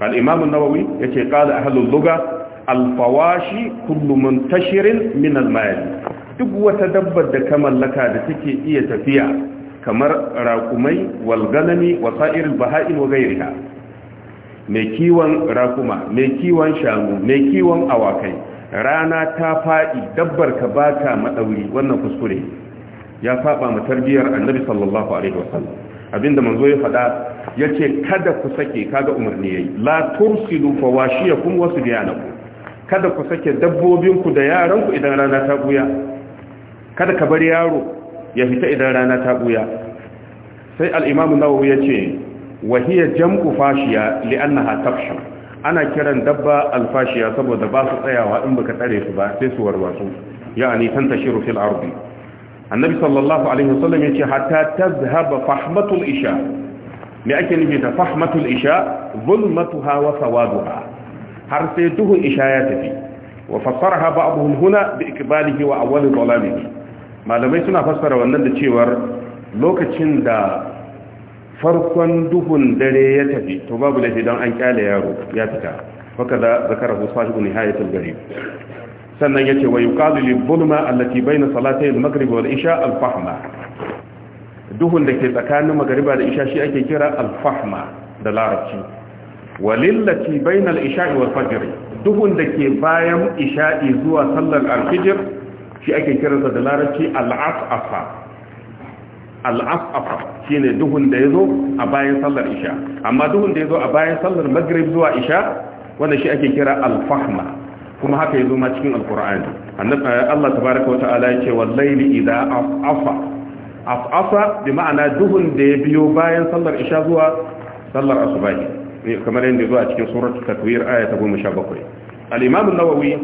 al-imam an-nawawi yace qala ahlul lugha alfawashi kullum tashirin min almayl duk wata dabbar da ka mallaka da take iya tafiya kamar Raƙumai, Walganani, wasair wa wa mai kiwon rakuma mai kiwon shanu mai kiwon awakai rana ta faɗi dabbar ka bata maɗauri, wannan kuskure ya faɓa mu tarbiyar annabi sallallahu alaihi wasallam abinda manzo ya faɗa ya ce kada ku sake kaga umarni yayi la tursilu fawashiyakum wasbianakum kada ku sake dabbobinku da yaranku idan rana ta buya kada ka bar yaro ya fita idan rana ta buya sai al'imamu nawawi ya ce wahiyar jam'u fashiya li'annaha tafshu ana kiran dabba alfashiya saboda ba su tsayawa in baka tsare su ba sai su warwatsu ya'ani tantashiru fil ardi annabi sallallahu alaihi wasallam ya ce hatta tazhaba fahmatul isha me ake nufi da fahmatul isha zulmatuha wa sawaduha har sai duhu isha ya tafi wa fassaraha ba'dhum huna bi ikbalihi wa awwal zalamihi malamai suna fassara wannan da cewar lokacin da farkon duhun dare ya tafi to babu laifi dan an kyale yaro ya fita haka da zakarahu sahibu nihayatul gari sannan yace wa yuqalu lil zulma allati bayna salatay al maghrib wal isha al fahma duhun da ke tsakanin magariba da isha shi ake kira al fahma da larabci walillati bainal isha'i wal fajr duhun da ke bayan isha'i zuwa sallar al-fajr shi ake kiransa da larabci al-asafa al'afafa shi ne duhun da ya zo a bayan sallar isha amma duhun da ya zo a bayan sallar maghrib zuwa isha wanda shi ake kira alfahma kuma haka ya ma cikin alkur'ani eh, Allah tabaraka wa ta'ala ya ce wallaili idan afafa afafa bi ma'ana duhun da ya biyo bayan sallar isha zuwa sallar asubahi kamar yadda zuwa cikin suratul takwir aya ta 17 al-imam an-nawawi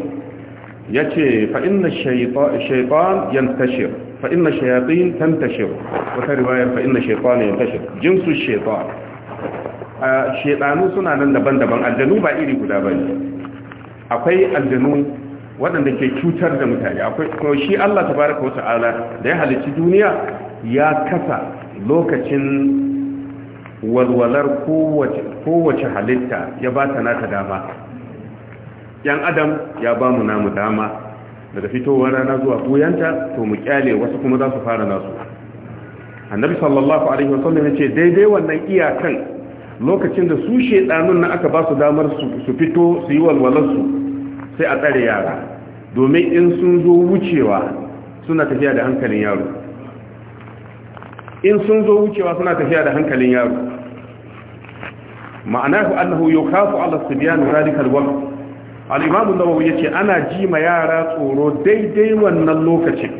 yace fa inna shaytan yantashir fa inna shayatin tantashir wata riwayar fa inna shaytan yantashir jinsu shaytan shaytanu suna nan daban-daban aljanu ba iri guda ba ne akwai aljanu waɗanda ke cutar da mutane akwai shi Allah tabaraka wa ta'ala da ya halicci duniya ya kasa lokacin walwalar kowace halitta ya ba ta nata dama yan adam ya ba mu namu dama daga fitowa rana zuwa buyanta to mu kyale wasu kuma za su fara nasu annabi sallallahu alaihi wasallam ya ce daidai wannan iyakan lokacin da su shedanun na aka ba su damar su fito su yi walwalarsu sai a tsare yara domin in sun zo wucewa suna tafiya da hankalin yaro in sun zo wucewa suna tafiya da hankalin yaro ku annahu yukhafu ala sibyan zalikal waqt al-imam an ya ce ana ji ma yara tsoro daidai wannan lokacin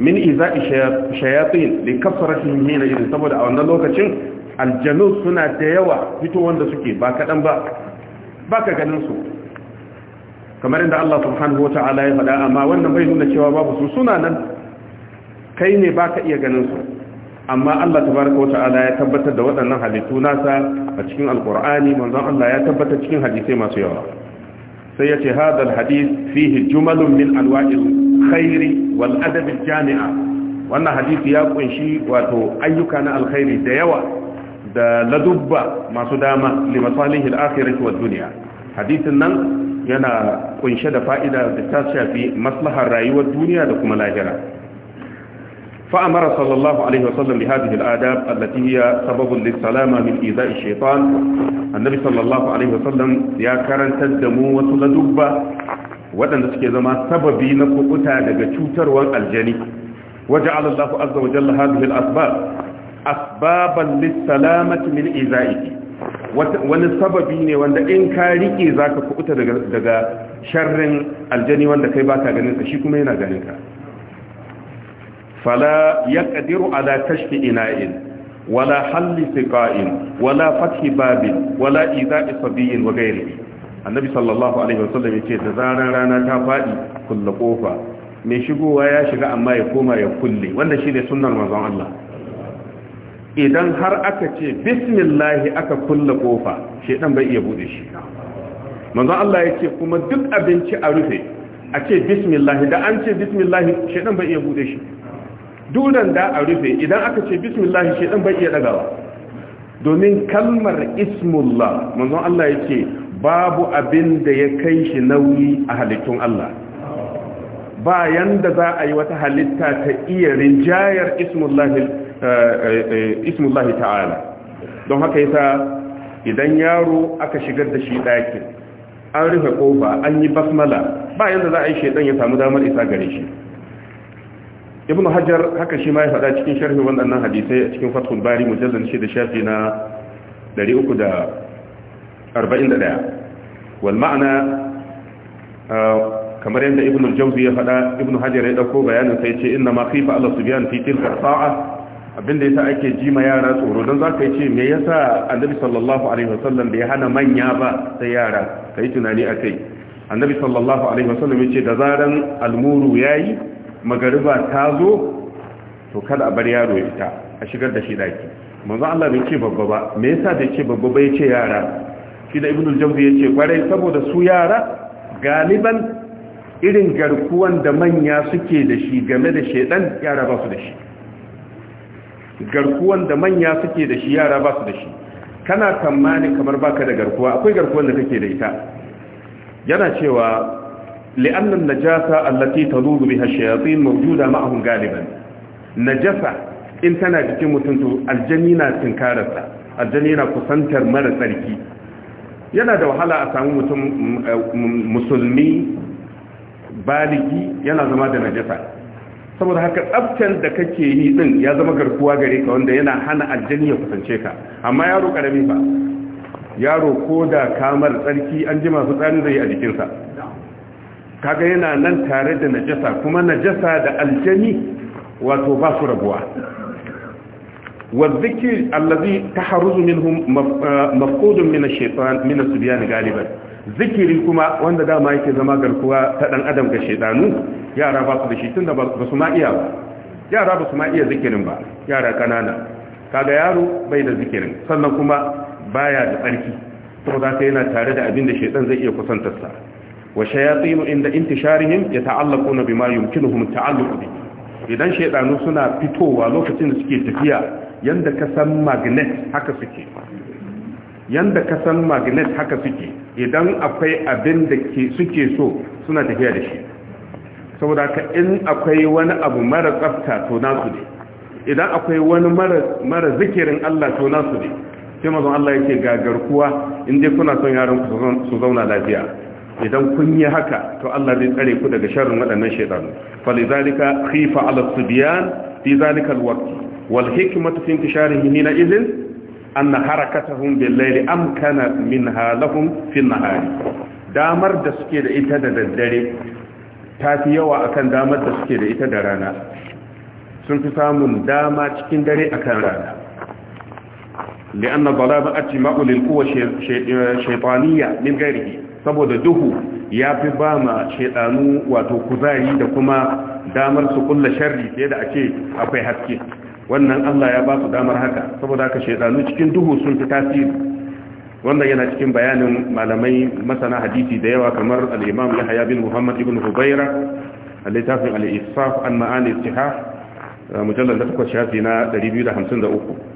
min iza'i shayatin li kasratihim hina idan saboda a wannan lokacin aljanu suna da yawa fito wanda suke ba kadan ba ba ka ganin su kamar inda Allah subhanahu wata'ala ya faɗa amma wannan bai nuna cewa babu su suna nan kai ne baka iya ganin su amma Allah tabaraka wata'ala ya tabbatar da waɗannan halittu nasa a cikin alkur'ani manzon Allah ya tabbatar cikin hadisi masu yawa sai ya ce hadha alhadith fihi jumalun min anwa'il khairi wal adab aljami'a wannan hadisi ya kunshi wato ayyuka na alkhairi da yawa da ladubba masu dama li masalihi alakhirati wad dunya hadisin nan yana kunshe da fa'ida da ta shafi maslahar rayuwar duniya da kuma lahira فأمر صلى الله عليه وسلم بهذه الآداب التي هي سبب للسلامة من إيذاء الشيطان النبي صلى الله عليه وسلم يا كرن تدمو وتلدب ودن سكي زما سببي نكوكتا دغ تشوتر والجني وجعل الله عز وجل هذه الأسباب أسبابا للسلامة من إيذائه wani sababi ne wanda in ka rike zaka kuɓuta daga sharrin aljani wanda kai baka ganin sa shi kuma yana ganin ka fala yaqdiru ala kashfi ina'in wala halli siqa'in wala fathi babin wala ida'i sabiyin wa ghairihi annabi sallallahu alaihi wasallam yace da zarar rana ta fadi kullu kofa mai shigowa ya shiga amma ya koma ya kulle wannan shine sunan manzon Allah idan har aka ce bismillah aka kulle kofa shedan bai iya bude shi manzon Allah yake kuma duk abinci a rufe a ce bismillah da an ce bismillah shedan bai iya bude shi Duk da a rufe idan aka ce bismillah shi dan bai iya dagawa domin kalmar ismullah manzon Allah yake babu abin da ya kai shi nauyi a halittun Allah bayan da za a yi wata halitta ta iya rinjayar ismullah eh, eh, ta'ala don haka yasa idan yaro aka shigar da shi dakin an rufe kofa an yi basmala ba yanda za a yi shedan ya samu damar isa gare shi ibn hajar haka shi ma ya faɗa cikin sharhin waɗannan hadisai a cikin fathul bari mujallal shi da shafi na 341 wal ma'ana ah, kamar yadda ibn al-jawzi ya faɗa ibn hajar ya dauko bayanin sai ce inna ma khifa ala subyan fi tilka sa'a abinda yasa ake ji ma yara tsoro dan zaka ce me yasa annabi sallallahu alaihi wasallam bai hana manya ba sai yara kai tunani akai annabi sallallahu alaihi wasallam ya ce da zaran almuru yayi magariba ta zo to kada a bar yaro ya ita, a shigar da shi daki manzo Allah bai ce babba ba me yasa bai ce babba ba ce yara shi da ibnu jawzi yace kwarai saboda su yara galiban irin garkuwan da manya suke da shi game da shedan yara ba su da shi garkuwan da manya suke da shi yara ba su da shi kana kamani kamar baka da garkuwa akwai garkuwan da kake da ita yana cewa لأن النجاسة التي تدود بها الشياطين موجودة معهم غالبا نجاسة إن كان جكم تنتو الجنينة تنكارسة الجنينة كسنتر مرة تركي yana da wahala a samu mutum musulmi baligi yana zama da najasa saboda haka tsaftar da kake yi din ya zama garkuwa gare ka wanda yana hana aljani ya kusance ka amma yaro karami ba yaro ko da kamar tsarki an jima su tsari zai a jikinsa kaga yana nan tare da najasa kuma najasa da aljani wato ba su rabuwa taharuzu minhum ah, mafqudun min ash-shaytan min as الصبيان galiban Zikiri kuma, wanda dama yake zama garkuwa ta dan adam ga shaytanu yara ba su da shi tunda ba su ma iya ba yara ba su ma iya zikirin ba yara kanana kaga yaro bai da zikirin sannan kuma baya da tsarki da sai yana tare da abin da shaytan zai iya kusantar sa وشياطين عند inda يتعلقون بما bima التعلق به idan shaydanu suna fitowa lokacin da suke tafiya yanda ka san magnet haka suke yanda ka san magnet haka suke idan akwai abin da suke so suna tafiya da shi saboda ka in akwai wani abu mara tsafta to nasu ne idan akwai wani mara zikirin Allah to nasu ne sai mazan Allah yake ga garkuwa in dai kuna son yaran ku su zauna lafiya idan kun yi haka to Allah zai tsare ku daga sharrin waɗannan shaidanu falizalika khifa ala subyan fi zalika alwaqt wal hikmatu fi intisharihi hina izin anna harakatahum bil layli amkana minha lahum fi nahari damar da suke da ita da daddare ta fi yawa akan damar da suke da ita da rana sun fi samun dama cikin dare akan rana لأن ضلاب أتماء للقوة الشيطانية من غيره saboda duhu ya fi ba ma shaidanu wato kuzari da kuma damar su kulla sharri fiye da ake akwai haske wannan Allah ya ba su damar haka saboda haka shaidanu cikin duhu sun fi tasiri wannan yana cikin bayanin malamai masana hadisi da yawa kamar al-Imam Yahya bin Muhammad ibn Hubayra al-Littafin al-Isfaf an ma'ani istihah mujallal da shafi na 253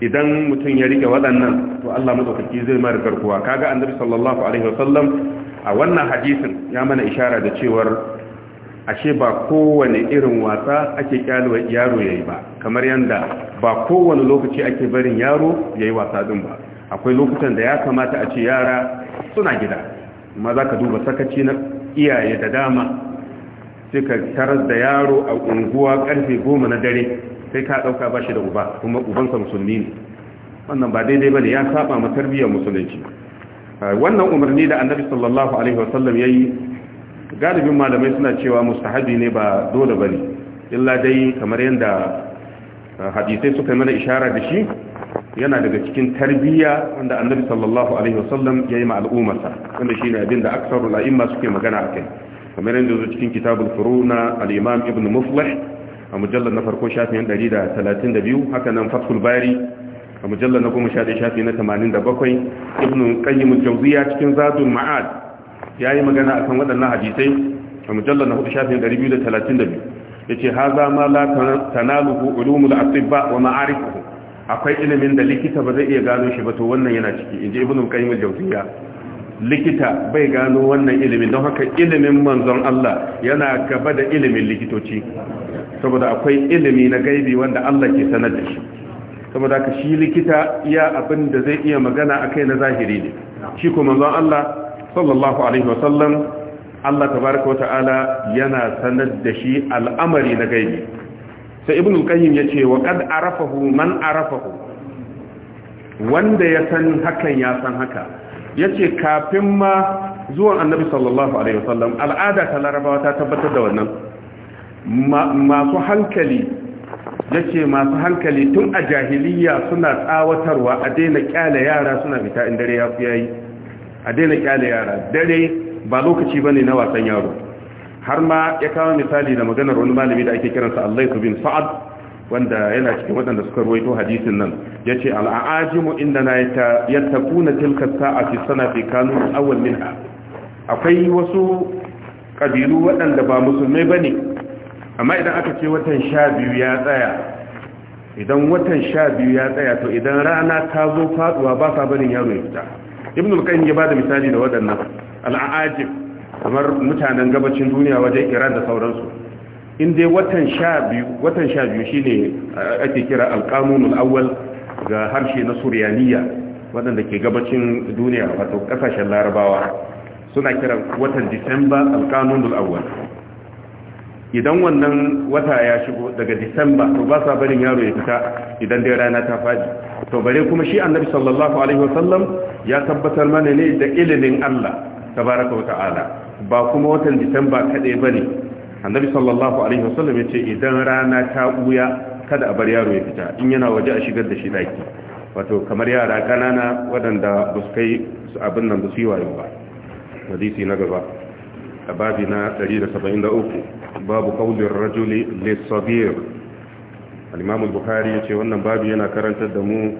idan mutum ya rike waɗannan to Allah madaukaki zai mara garkuwa kaga annabi sallallahu alaihi wasallam a wannan hadisin ya mana ishara da cewar ashe ba kowane irin wasa ake kyalewa yaro yayi ba kamar yadda ba kowane lokaci ake barin yaro yayi wasa din ba akwai lokutan da ya kamata a ce yara suna gida amma ka duba sakaci na iyaye da dama sai ka da yaro a unguwa karfe goma na dare sai ka dauka ba shi da uba kuma ubansa musulmi ne wannan ba daidai bane ya saba ma tarbiyyar musulunci wannan umarni da annabi sallallahu alaihi wasallam yayi galibin malamai suna cewa mustahabi ne ba dole bane illa dai kamar yadda hadisai suka mana ishara da shi yana daga cikin tarbiyya wanda annabi sallallahu alaihi wasallam ya yi ma al'ummarsa wanda shine abin da aksaru la'imma suke magana akai kamar yanda zo cikin kitabul furu na al-imam ibn muflih a mujallar na farko shafin 132 haka nan fathul bari a mujallar na goma sha ɗaya shafi na 87 ibn qayyim jawziya cikin zadul ma'ad yayi magana akan waɗannan hadisai a mujallar na hudu shafin 232 yace haza ma la tanaluhu ulumul atibba wa ma'arifuhu akwai ilimin da likita ba zai iya gano shi ba to wannan yana ciki inji ibn qayyim jawziya likita bai gano wannan ilimin don haka ilimin manzon Allah yana gaba da ilimin likitoci saboda akwai ilimi na gaibi wanda Allah ke sanar da shi saboda ka shi likita iya abin da zai iya magana akai na zahiri ne shi kuma manzon Allah sallallahu alaihi wasallam Allah tabaraka ta'ala yana sanar da shi al'amari na gaibi sai ibn al-qayyim yace wa qad arafahu man arafahu wanda ya san hakan ya san haka yace kafin ma zuwan annabi sallallahu alaihi wasallam al'ada ta larabawa ta tabbatar da wannan masu hankali yace masu hankali tun a jahiliya suna tsawatarwa a daina kyale yara suna fita in dare ya yayi a daina kyale yara dare ba lokaci bane na wasan yaro har ma ya kawo misali da maganar wani malami da ake kiransa Allah bin Sa'ad wanda yana cikin waɗanda suka ruwaito hadisin nan yace al'ajimu inda na yattaquna tilka sa'a fi sanati kanu minha akwai wasu kabilu waɗanda ba musulmai ne. amma idan aka ce watan sha biyu ya tsaya idan watan sha biyu ya tsaya to idan rana ta zo faduwa ba sa barin yaro ya fita ibn al-qayyim ya bada misali da waɗannan al'ajib kamar mutanen gabacin duniya wajen iran da sauransu in dai watan sha biyu watan sha biyu shine eh, ake kira al al'awwal awwal ga harshe na suriyaniya waɗanda ke gabacin duniya wato ƙasashen larabawa suna kiran watan disamba al al'awwal. idan wannan wata ya shigo daga disamba to ba sa barin yaro ya fita idan dai rana ta faɗi to bare kuma shi annabi sallallahu alaihi wasallam ya tabbatar mana ne da ilimin Allah tabaraka wa ta'ala ba kuma watan disamba kadai bane annabi sallallahu alaihi wasallam ya ce idan rana ta buya kada a bar yaro ya fita in yana waje a shigar da shi daki wato kamar yara kanana waɗanda ba su kai abin nan ba su yi wayo ba hadisi na gaba a babi na 173 babu qawlir rajuli lis-sabir al-imam al-bukhari wannan babu yana karantar da mu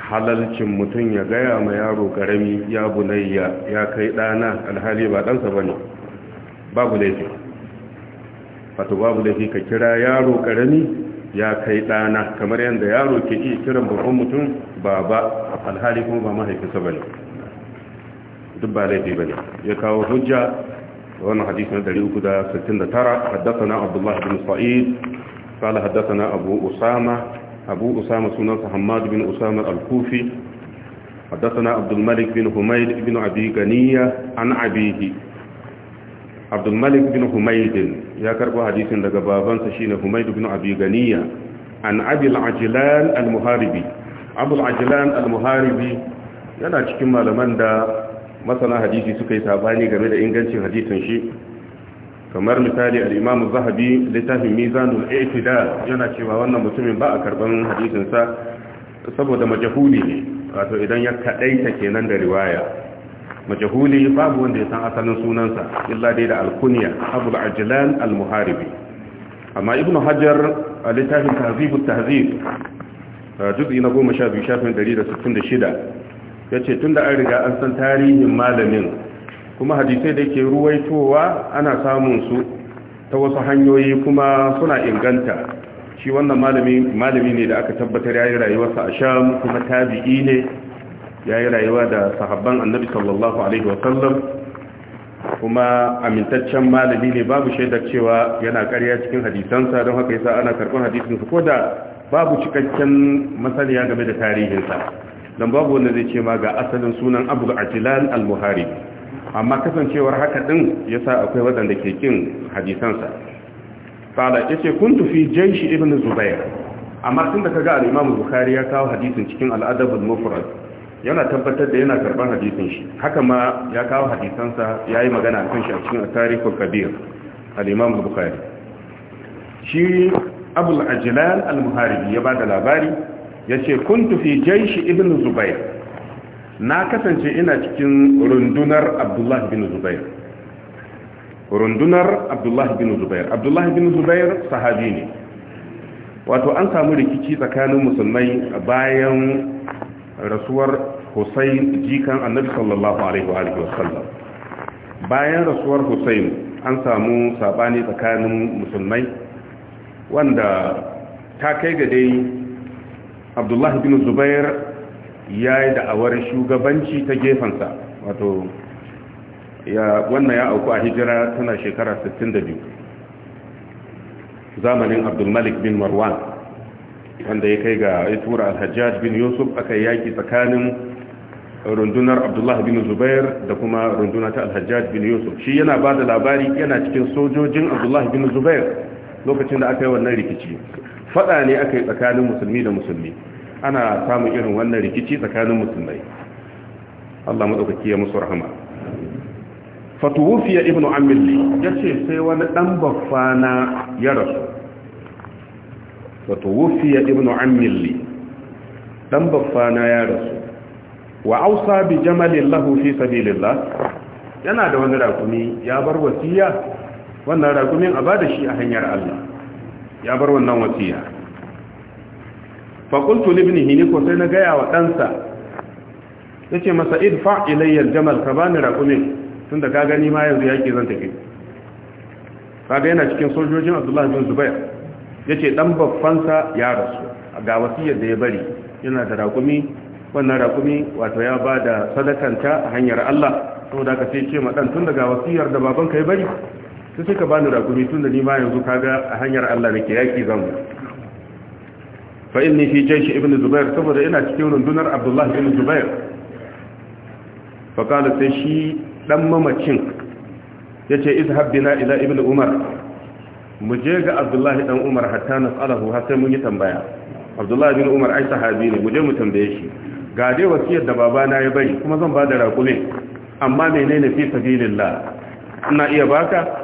halalcin mutum ya gaya ma yaro karami ya bunayya ya kai dana alhali ba dansa bane babu laifi wato babu laifi ka kira yaro karami ya kai dana kamar yadda yaro ke iya kiran babban mutum baba alhali kuma ba mahaifinsa bane duk ba laifi bane ya kawo hujja wannan hadisi na 369 haddatsana abdullahi bin sa'id kala haddatsana abu usama abu usama sunansa hamadu bin usama al-kufi haddatsana abdulmalik bin humaid bin abi an abihi abdulmalik bin humaid ya karbo hadisin daga babansa shine humaid bin abi an abi al al-muharibi abu al al-muharibi yana cikin malaman da masana hadisi suka yi sabani game da ingancin hadisin shi kamar misali alimam zahabi littafin mizanul i'tidal yana cewa wannan mutumin ba a karban hadisin saboda majahuli ne wato idan ya kaɗaita kenan da riwaya majahuli babu wanda ya san asalin sunansa illa dai da al-kunya abul ajlan al-muharibi amma ibnu hajar a littafin tahzibut tahzib juz'i na 12 shafin ya ce tun da an riga an san tarihin malamin kuma hadisai da ke ruwaitowa ana samun su ta wasu hanyoyi kuma suna inganta shi wannan malami ne da aka tabbatar yayi rayuwarsa a sham kuma tabi'i ne yayi rayuwa da sahabban annabi sallallahu alaihi wasallam kuma amintaccen malami ne babu shaidar cewa yana ƙarya cikin hadisansa don haka yasa ana karɓar hadisinsa ko da babu cikakken masaniya game da tarihinsa dan babu wanda zai ce ma ga asalin sunan Abu atilal al-Muharibi amma kasancewar haka din yasa akwai wadanda ke kin hadisansa fala yace kuntu fi jaysh ibn Zubair amma tun da kaga al-Imam Bukhari ya kawo hadisin cikin al-Adab al-Mufrad yana tabbatar da yana karban hadisin shi haka ma ya kawo hadisansa yayi magana kan shi a cikin tarihin tarikh al-Kabir al-Imam Bukhari shi Abu al-Ajlan al-Muharibi ya bada labari yace kuntu fi jaishi ibn zubair na kasance ina cikin rundunar abdullahi bin zubair rundunar abdullahi bin zubair abdullahi bin zubair sahabi ne wato an samu rikici tsakanin musulmai bayan rasuwar hussein jikan annabi sallallahu alaihi wa sallam bayan rasuwar hussein an samu sabani tsakanin musulmai wanda ta kai ga dai abdullahi bin zubair ya yi da'awar shugabanci ta gefensa wato wannan ya auku a hijira tana shekara 62 zamanin abdulmalik bin marwan wanda ya kai ga ya tura alhajjaj bin yusuf aka yaki tsakanin rundunar abdullahi bin zubair da kuma runduna ta alhajjaj bin yusuf shi yana ba da labari yana cikin sojojin abdullahi bin zubair lokacin da aka yi wannan rikici fada ne aka yi tsakanin musulmi da musulmi ana samun irin wannan rikici tsakanin musulmai Allah madaukaki ya musu rahama fatuwufiya ibnu amilli yace sai wani dan baffana ya rasu fatuwufiya ibnu amilli dan na ya rasu wa ausa bi jamalin fi sabilillah yana da wani rakumi ya bar wasiya wannan rakumin a bada shi a hanyar Allah ya bar wannan wasiya fakultu libnihi ne ko sai na gaya wa ɗansa ya ce masa idfa ilayyar jamal ka bani raƙumin tun ka gani ma yanzu yaƙi zan tafi kaga yana cikin sojojin abdullahi bin zubair ya ce ɗan babbansa ya rasu ga wasiyar da ya bari yana da raƙumi wannan raƙumi wato ya ba da sadakanta a hanyar allah saboda ka ce ce ma ɗan tunda daga wasiyar da babanka ya bari sai suka bani rakumi tun da ni yanzu kaga a hanyar Allah nake yaki zan fa inni fi jaysh ibn zubair saboda ina cikin rundunar Abdullahi ibn zubair fa sai shi ɗan mamacin yace izhab bina ila ibn umar mu je ga Abdullahi dan umar hatta nas'alahu har sai mun yi tambaya Abdullahi ibn umar ai sahabi ne mu je mu tambaye shi ga dai wasiyar da babana ya bari kuma zan bada rakumin amma menene fi sabilillah ina iya baka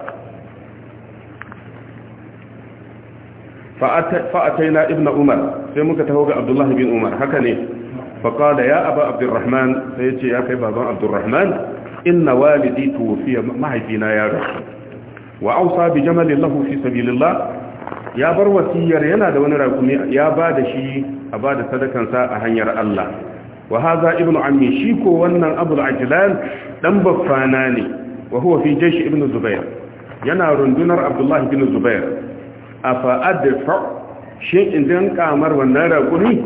fa'ataina ibn umar sai muka taho ga abdullahi bin umar haka ne faƙada ya aba abdurrahman sai ya ce ya kai baban abdurrahman inna walidi tuwafiya mahaifina ya rasu wa ausa bi jamalin lahu fi sabilillah ya bar wasiyar yana da wani rakumi ya ba da shi a ba da sadakansa a hanyar Allah wa haza ibnu ammi shi ko wannan abul ajlan dan baffana ne wa huwa fi jaysh ibnu zubair yana rundunar abdullahi bin zubair a fa'adda shin shi idan kamar wannan raƙuni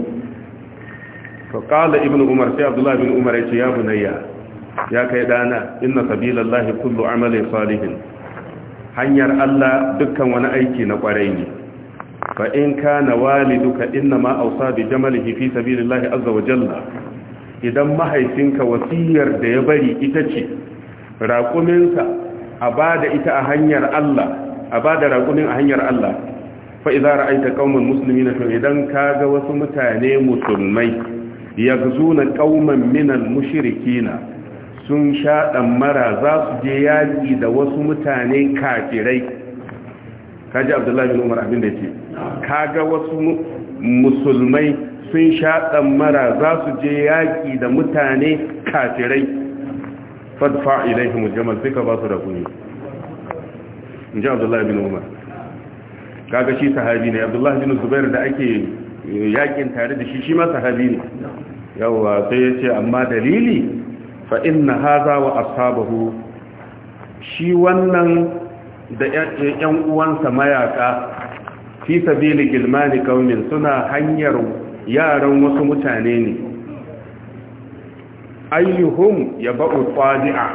fa ibn umar sai Abdullahi ibn umar ce ya bunayya ya kai dana inna sabilallahi kullu amali salihin hanyar Allah dukkan wani aiki na kwarai ne ka na wali duka inna ma ausa bi jamalihi fi sabilillahi azza wa jalla idan mahaifinka wasiyar da ya bari ita ce raƙuminsa a bada ita a hanyar Allah a ba da raƙumin a hanyar Allah fa idza ra'aita qauman muslimina fa idan kaga wasu mutane musulmai yagzuna qauman minal mushrikina sun sha mara za su je yaƙi da wasu mutane kafirai kaji abdullahi bin umar abin da yake kaga wasu musulmai sun sha mara za su je yaƙi da mutane kafirai fadfa ilaihim jamal sai ka ba su da kuni in ji abdullahi bin umar kaga shi sahabi ne abdullahi bin zubair da ake yakin tare da shi shi ma sahabi ne yawa sai ya ce amma dalili fa inna haza wa ashabahu shi wannan da yan uwansa mayaka fi sabili gilmani kaumin suna hanyar yaran wasu mutane ne ayyuhum ya ba'u qadi'a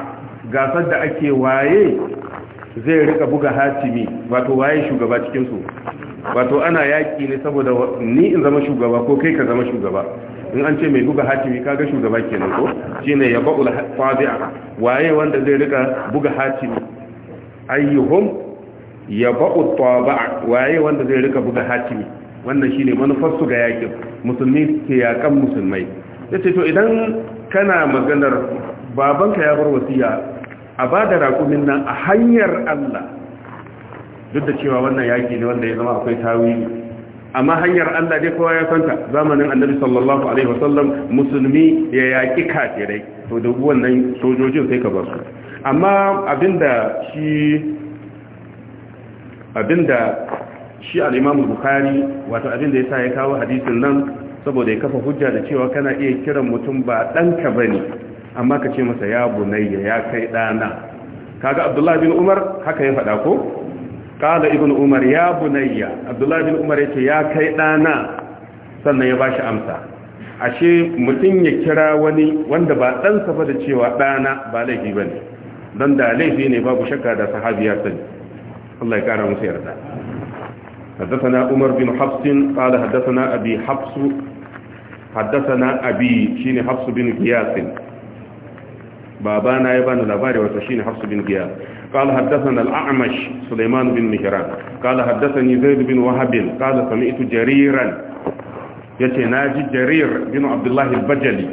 gasar da ake waye zai rika buga hatimi wato waye shugaba cikin su wato ana yaki ne saboda ni in zama shugaba ko kai ka zama shugaba in an ce mai buga hatimi kaga shugaba kenan ko shine yabul fadi'a waye wanda zai rika buga hatimi ayyuhum yabul taba'a waye wanda zai rika buga hatimi wannan shine manufar su ga yakin musulmi ke yakan musulmai yace to idan kana maganar babanka ya bar wasiya a ba da raƙumin nan a hanyar Allah duk da cewa wannan yaƙi ne wanda ya zama akwai tawili amma hanyar Allah dai kowa ya santa zamanin annabi sallallahu alaihi wasallam musulmi ya yaƙi kafirai to da wannan sojojin sai ka ba su amma abinda shi abinda shi al-Imam Bukhari wato abinda yasa ya kawo hadisin nan saboda ya kafa hujja da cewa kana iya kiran mutum ba danka bane amma ka ce masa ya bunayya ya kai dana kaga abdullahi bin umar haka ya faɗa ko kala ibn umar ya bunayya abdullahi bin umar yace ya kai dana sannan ya bashi amsa ashe mutum ya kira wani wanda ba ɗansa ba da cewa ɗana ba laifi bane dan da laifi ne babu shakka da sahabiya sani Allah ya kara musu yarda حدثنا عمر بن حفص قال حدثنا أبي حفص حدثنا abi shine حفص بن قياس babana ya bani labari wato shine hafsu bin giya قال حدثنا الأعمش سليمان بن مهران قال حدثني زيد بن وهب قال سمعت جريرا يتي ناجي جرير بن عبد الله البجلي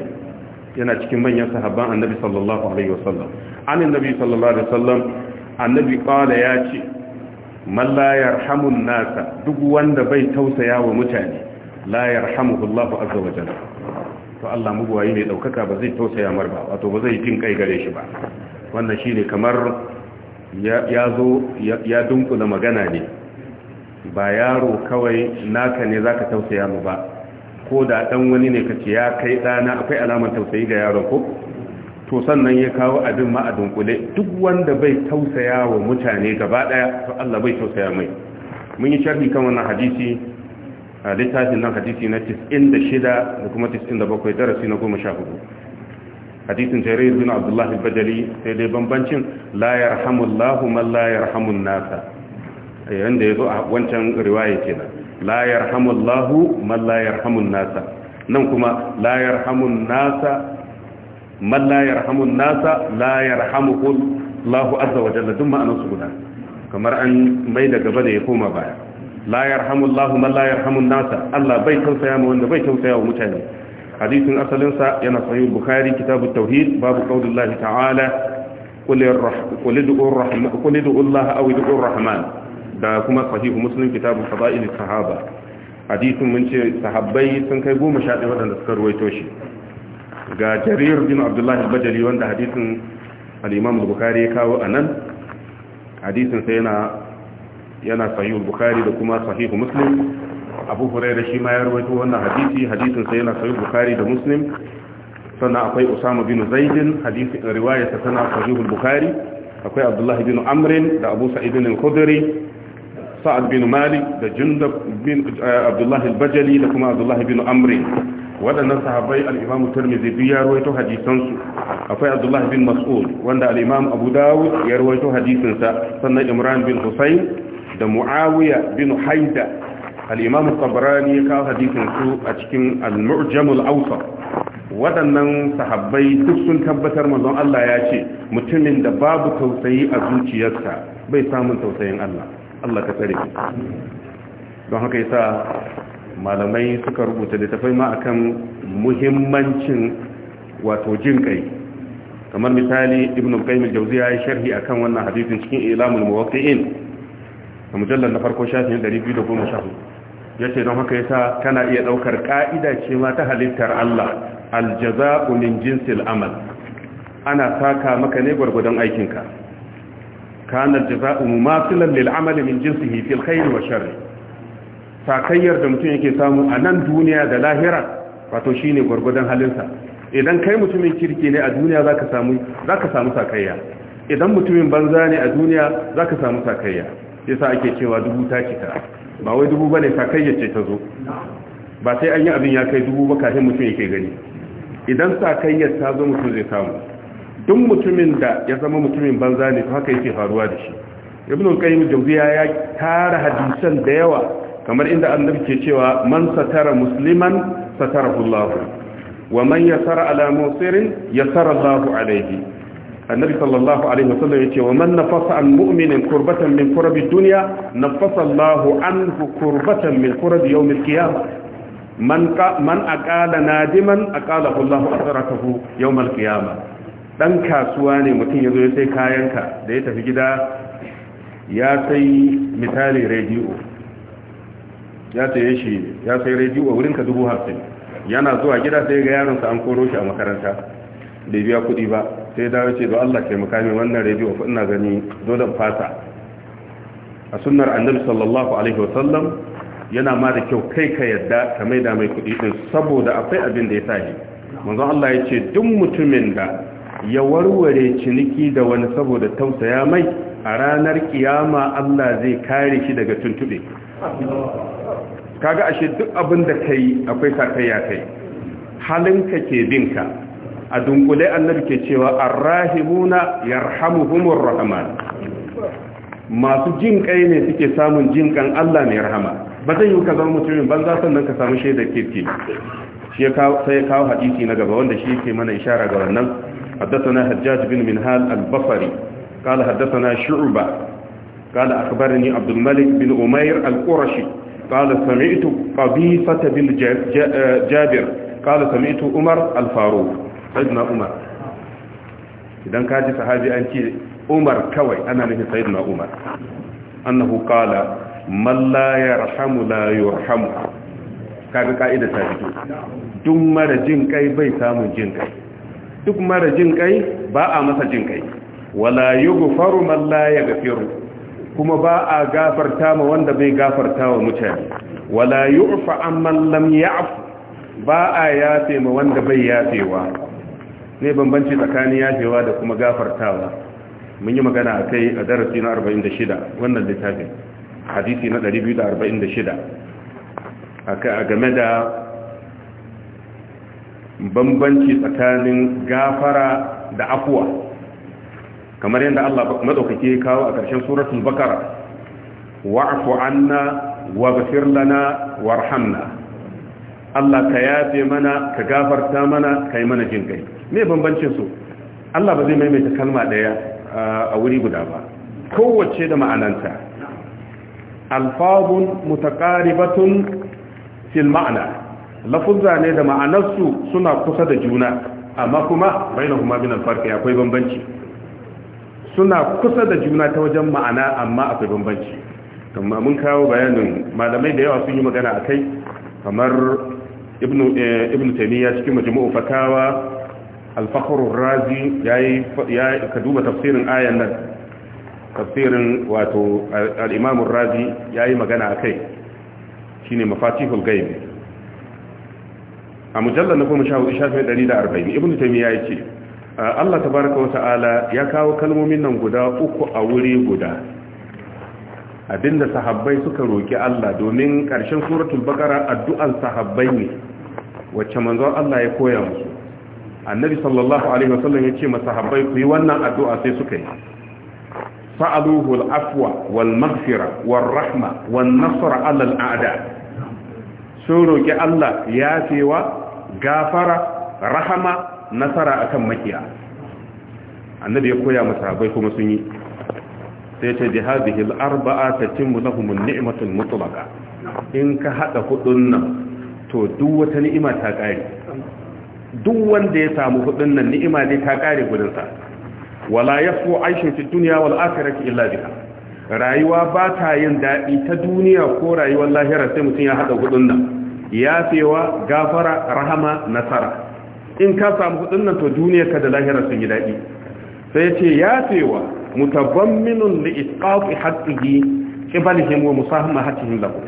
yana cikin manyan sahabban annabi sallallahu alaihi wasallam an annabi sallallahu alaihi wasallam annabi qala ya ce man la yarhamun nasa duk wanda bai tausaya wa mutane la yarhamuhu Allah azza wa to Allah mugwayi mai daukaka ba zai tausaya mar ba wato ba zai jin kai gare shi ba wannan shine kamar ya zo ya dunkula magana ne ba yaro kawai naka ne zaka tausaya mu ba ko da dan wani ne kace ya kai dana akwai alamar tausayi ga yaron ko to sannan ya kawo abin ma a dunkule duk wanda bai tausaya wa mutane gaba daya to Allah bai tausaya mai mun yi sharhi kan wannan hadisi littafin nan hadisi na 96 da kuma 97 darasi na 14 hadisin jarir bin abdullahi bajali sai dai bambancin la yarhamullahu ma la yarhamun nasa yayin eh, da zo a wancan ke nan la yarhamullahu man la yarhamun nasa nan kuma la yarhamun nasa man la yarhamun nasa la yarhamuhu Allahu azza wa jalla duk ma'anar su guda kamar an mai da gaba da ya koma baya la yarhamullahu man la yarhamun nasa Allah bai tausaya ma wanda bai tausaya wa mutane hadisin asalin sa yana sahih bukhari kitabut tauhid babu qaulillahi ta'ala qul yarhamu rahman qul ud'u Allah aw ud'u rahman da kuma sahih muslim kitabu fadail sahaba hadisin mun ce sahabbai sun kai goma 11 wadanda suka ruwaito shi ga jarir bin abdullahi al-bajali wanda hadisin al-imam al-bukhari ya kawo anan hadisin sai yana yana sahihul bukhari da kuma sahihu muslim abu huraira shi ma ya rawaito wannan hadisi hadisin sa yana sahihul bukhari da muslim sannan akwai usama bin zaidin hadisi riwaya ta tana sahihul bukhari akwai abdullahi bin amr da abu sa'id bin khudri sa'ad bin malik da jundab bin eh, abdullahi al-bajali da kuma abdullahi bin amr waɗannan sahabbai al'imam turmizi biyu ya ruwaito hadisansu akwai abdullah bin mas'ud wanda al'imam abu dawud ya ruwaito hadisinsa sannan imran bin hussein da muawiya bin haida al-imam tabrani ya kawo hadisin su a cikin al-mu'jam al waɗannan sahabbai duk sun tabbatar manzon Allah ya ce mutumin da babu tausayi a zuciyarsa bai samun tausayin Allah Allah ka tsare don haka yasa malamai suka rubuta littafai ma akan muhimmancin wato jin kai kamar misali ibn qayyim al-jawziya ya sharhi akan wannan hadisin cikin ilamul muwaqqi'in a mujallar na farko shafin 214 ya ce don haka ya sa kana iya ɗaukar ƙa'ida ce ma ta halittar Allah aljaza'u min jinsil amal ana saka maka ne gwargwadon aikinka kanar jaza'u masilan lil amali min jinsihi fil khairi wa sharri sakayyar da mutum yake samu a nan duniya da lahira wato shine gwargwadon halinsa idan kai mutumin kirki ne a duniya zaka samu zaka samu sakayya idan mutumin banza ne a duniya zaka samu sakayya yasa ake cewa dubu ta cika ba wai dubu bane ne ta zo ba sai an yi abin ya kai dubu ba kafin mutum yake gani idan sakayyar ta zo mutum zai samu duk mutumin da ya zama mutumin banza ne haka yake faruwa da shi ibn qayyim jawziya ya tara hadisan da yawa kamar inda annabi ke cewa man satara musliman satarahu Allah wa man yasara ala musirin yasara Allah alayhi annabi sallallahu alaihi wasallam yace wa man nafasa an mu'minin kurbatan min kurabi dunya nafasa Allahu anhu kurbatan min kurabi yawm al-qiyamah man man aqala nadiman aqalahu Allahu asratahu yawm al-qiyamah dan kasuwa ne mutum yazo ya sai kayanka da ya tafi gida ya sai misali radio ya saye shi ya sai radio wurin ka dubu hamsin yana zuwa gida sai ga yaron sa an koro shi a makaranta bai biya kuɗi ba sai dawo ce don Allah kai makami wannan rediyo fa ina gani dodon fata a sunnar annabi sallallahu alaihi wa sallam yana ma da kyau kai ka yadda ka mai da mai kuɗi din saboda akwai abin da ya tashi manzo Allah ya ce duk mutumin da ya warware ciniki da wani saboda tausaya mai a ranar kiyama Allah zai kare shi daga tuntube kaga ashe duk abin da kai akwai sakayya kai halinka ke binka a dunkule annabi ke cewa arrahimuna yarhamuhumur rahman masu jin kai ne suke samun jin kan Allah mai rahama ba zai yi ka zama mutumin san nan ka samu shaidar kirki shi sai kawo hadisi na gaba wanda shi yake mana ishara ga wannan haddathana hajjaj bin minhal al-basri قال حدثنا شعبة قال أخبرني عبد الملك بن أمير القرشي قال سمعت قبيصة بن جابر قال سمعت al الفاروق sayyidina umar idan ka ji sahabi an ce umar kawai ana nufin sayyidina umar annahu qala man la yarhamu la yurhamu kaga kaida ta fito duk mara jin kai bai samu jin kai duk mara jin kai ba a masa jin kai wala yughfaru man la yaghfiru kuma ba a gafarta ma wanda bai gafarta wa mutane wala yu'fa amman lam ya'fu ba a yafe ma wanda bai yafewa ne bambanci tsakanin yafewa da kuma gafartawa mun yi magana a kai a darasi na 46 wannan littafin hadisi na 246 a game da bambanci tsakanin gafara da afuwa kamar yadda Allah madaukake kawo a ƙarshen suratul bakara wa'fu anna waghfir lana warhamna Allah ka yafe mana ka gafarta mana ka yi mana jin kai me bambancin su Allah ba zai maimaita kalma daya a wuri guda ba kowace da ma'ananta alfazun mutaqaribatun fil ma'ana lafuzza ne da ma'anarsu suna kusa da juna amma kuma bainahuma min alfarqi akwai bambanci suna kusa da juna ta wajen ma'ana amma akwai bambanci Kamar mun kawo bayanin malamai da yawa sun yi magana akai kamar ibnu eh, ibnu taymiya cikin majmu'u fatawa alfakarun razi ya ka duba tafsirin ayan nan tafsirin wato al'imamun razi ya yi magana a kai shi ne mafatihul gaibi a mujallar na kuma shafin 140 ibn taimi ya yi ce allah ta baraka wa ta'ala ya kawo kalmomin nan guda uku a wuri guda abinda sahabbai suka roƙi allah domin ƙarshen suratul bakara addu'an sahabbai ne wacce manzon allah ya koya musu annabi sallallahu alaihi wasallam ya ce masahabbai ku yi wannan addu'a sai suka yi sa'aluhu al-afwa wal maghfira wal rahma wal nasr ala al-a'da sun roki Allah yafewa gafara rahama nasara akan makiya annabi ya koya masahabbai kuma sun yi sai ce bi hadhihi al-arba'a tatimmu lahum an-ni'matu al-mutlaqa in ka hada hudun nan to duk wata ni'ima ta kare duk wanda ya samu hudun nan ni'ima dai ta kare gudunsa wala yafu aishin fi dunya wal akhirati illa biha rayuwa ba ta yin daɗi ta duniya ko rayuwar lahira sai mutum ya haɗa hudun nan yafewa gafara rahama nasara in ka samu hudun nan to duniya ka da lahira sun yi daɗi? sai ce yafewa mutabamminun li isqafi haqqihi qibalihim wa haqqihim lahu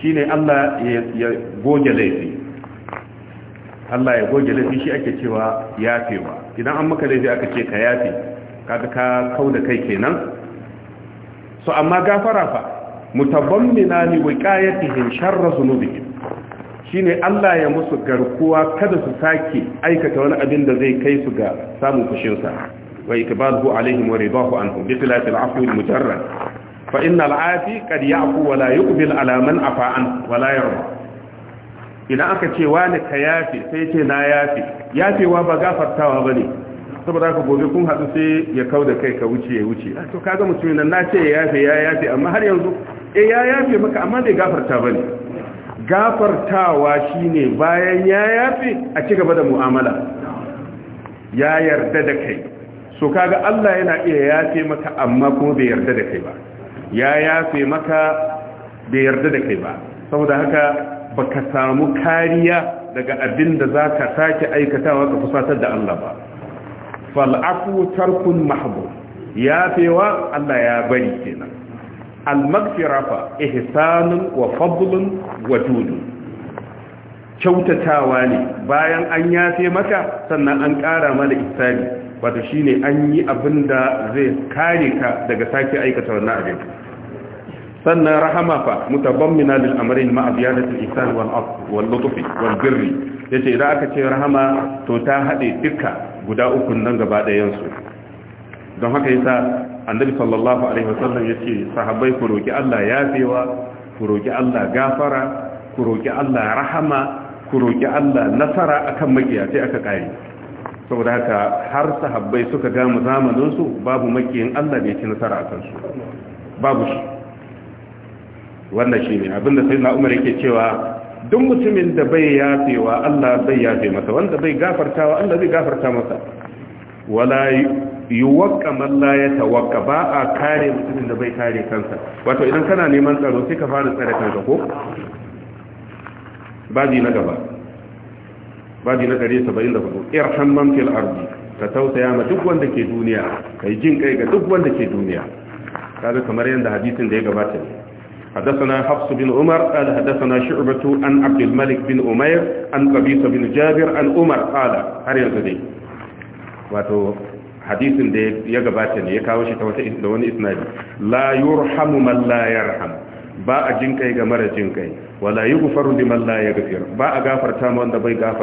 shine Allah ya goge laifi Allah ya goge laifi shi ake cewa yafewa idan an maka laifi aka ce ka yafe kaga ka kau da kai kenan so amma gafara fa mutabammina li wiqayatihim sharra dhunubihim shine Allah ya musu garkuwa kada su sake aikata wani abin da zai kai su ga samun fushin sa wa ikbaluhu alaihim wa ridahu anhum bi tilati al-afwi al-mujarrad fa inna al-afi qad ya'fu wa la yuqbil ala man afa an wa la yarda idan aka ce wani ka yafe sai ce na yafe yafewa ba gafartawa ba ne saboda haka gobe kun haɗu sai ya kau da kai ka wuce ya wuce a ah, to ga mutum nan na ce ya yafe ya yafe amma har yanzu eh ya yafe maka amma bai gafarta ba ne gafartawa shine bayan ya yafe a ci gaba da mu'amala ya yarda da kai so ga Allah yana iya yafe maka amma kuma bai yarda da kai ba ya yafe maka bai yarda da kai ba saboda haka baka samu kariya daga abin da za ka sake aikatawa ka fusatar da Allah ba fal'afu tarkun mahbu ya fewa Allah ya bari kenan al-maghfira fa ihsanun wa fadlun wa judun kyautatawa ne bayan an yafe maka sannan an ƙara mana ihsani wato shine an yi abin da zai kare ka daga sake aikata wannan abin sannan rahama fa mutabammina lil amrayn ma ziyadati al-ihsan wal afw wal lutf wal birr yace idan aka ce rahama to ta haɗe duka guda uku nan gaba dayan don haka yasa annabi sallallahu alaihi wasallam yace sahabbai ku roki Allah yafewa ku roki Allah gafara ku roki Allah rahama ku roki Allah nasara akan makiya sai aka kai saboda haka har sahabbai suka gama zamaninsu babu makiyin Allah ya yake nasara akan su babu shi wannan shi ne abinda sayyidina Umar yake cewa duk mutumin da bai yafewa Allah bai yafe masa wanda bai gafartawa Allah zai gafarta masa wala yuwakka man la yatawakka ba a kare mutumin da bai kare kansa wato idan kana neman tsaro sai ka fara tsare kanka ko badi na gaba badi na 174 irham man fil ardi ka tausaya ma duk wanda ke duniya kai jin kai ga duk wanda ke duniya kaga kamar yanda hadisin da ya gabata ne حدثنا حفص بن عمر قال حدثنا شعبة عن عبد الملك بن أمير عن قبيصة بن جابر عن عمر قال هل يزدي واتو حديث دي يغباتني يكاوشي توتي دون إسنادي لا يرحم من لا يرحم ba a jin kai ga mara jin kai wala yughfaru malla ya gafiyar. ba a gafarta ma wanda bai ba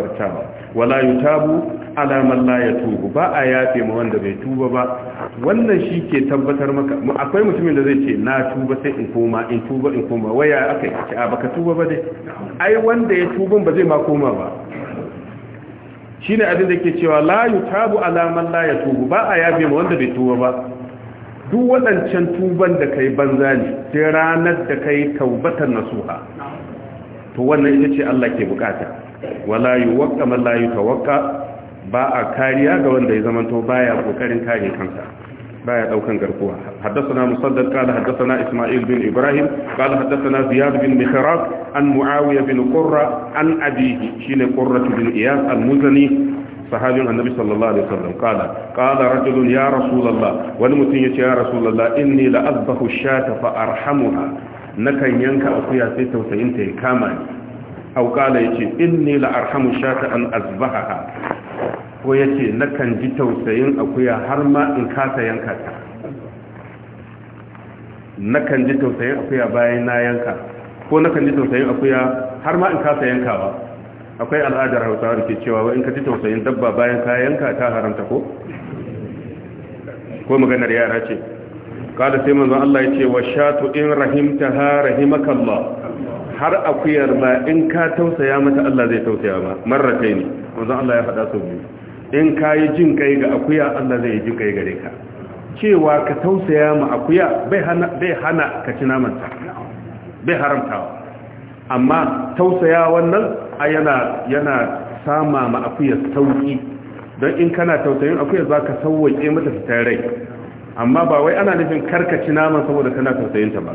wala yutabu ala malla ya tubu ba a yafe ma wanda bai tuba ba wannan shi ke tabbatar maka akwai mutumin da zai ce na tuba sai in koma in tuba in koma waya akai ce a baka tuba ba dai ai wanda ya tuba ba zai ma koma ba shine abin da ke cewa la yutabu ala malla ya tubu ba a yafe ma wanda bai tuba ba duk waɗancan tuban da kai banza ne sai ranar da kai taubatar nasuha to wannan ita ce Allah ke bukata wala waƙa man la yutawaqqa ba a kariya ga wanda ya zamanto baya kokarin kare kansa baya ɗaukar garkuwa haddathana musaddad haddasa na isma'il bin ibrahim haddasa na ziyad bin mihrab an muawiya bin qurra an abihi shine kurratu bin iyas al-muzani sahabin annabi sallallahu alaihi wasallam qala qala rajulun ya rasulullah wani mutum yace ya rasulullah inni la azbahu shata fa arhamuha nakan yanka akuya sai tausayin ta ya kama ni aw qala yace inni la arhamu shata an azbahaha ko yace nakan ji tausayin akuya har ma in kasa yanka ta nakan ji tausayin akuya bayan na yanka ko nakan ji tausayin akuya har ma in kasa yankawa akwai al'adar hausawa da ke cewa wa in ka ci tausayin dabba bayan kayanka ta haramta ko ko maganar yara ce kada sai manzon Allah ya ce wa shatu in rahimta ha rahimakallah har akuyar ba in ka tausaya mata Allah zai tausaya ma marratai ne manzon Allah ya faɗa sau biyu in ka yi jin kai ga akuya Allah zai yi jin kai gare ka cewa ka tausaya ma akuya bai hana bai hana ka ci namanta bai haramtawa amma tausaya wannan yana yana sama ma akuya sauki don in kana tausayin akuya za ka sauwaƙe mata ta rai amma ba wai ana nufin kar ka ci naman saboda kana tausayin ta ba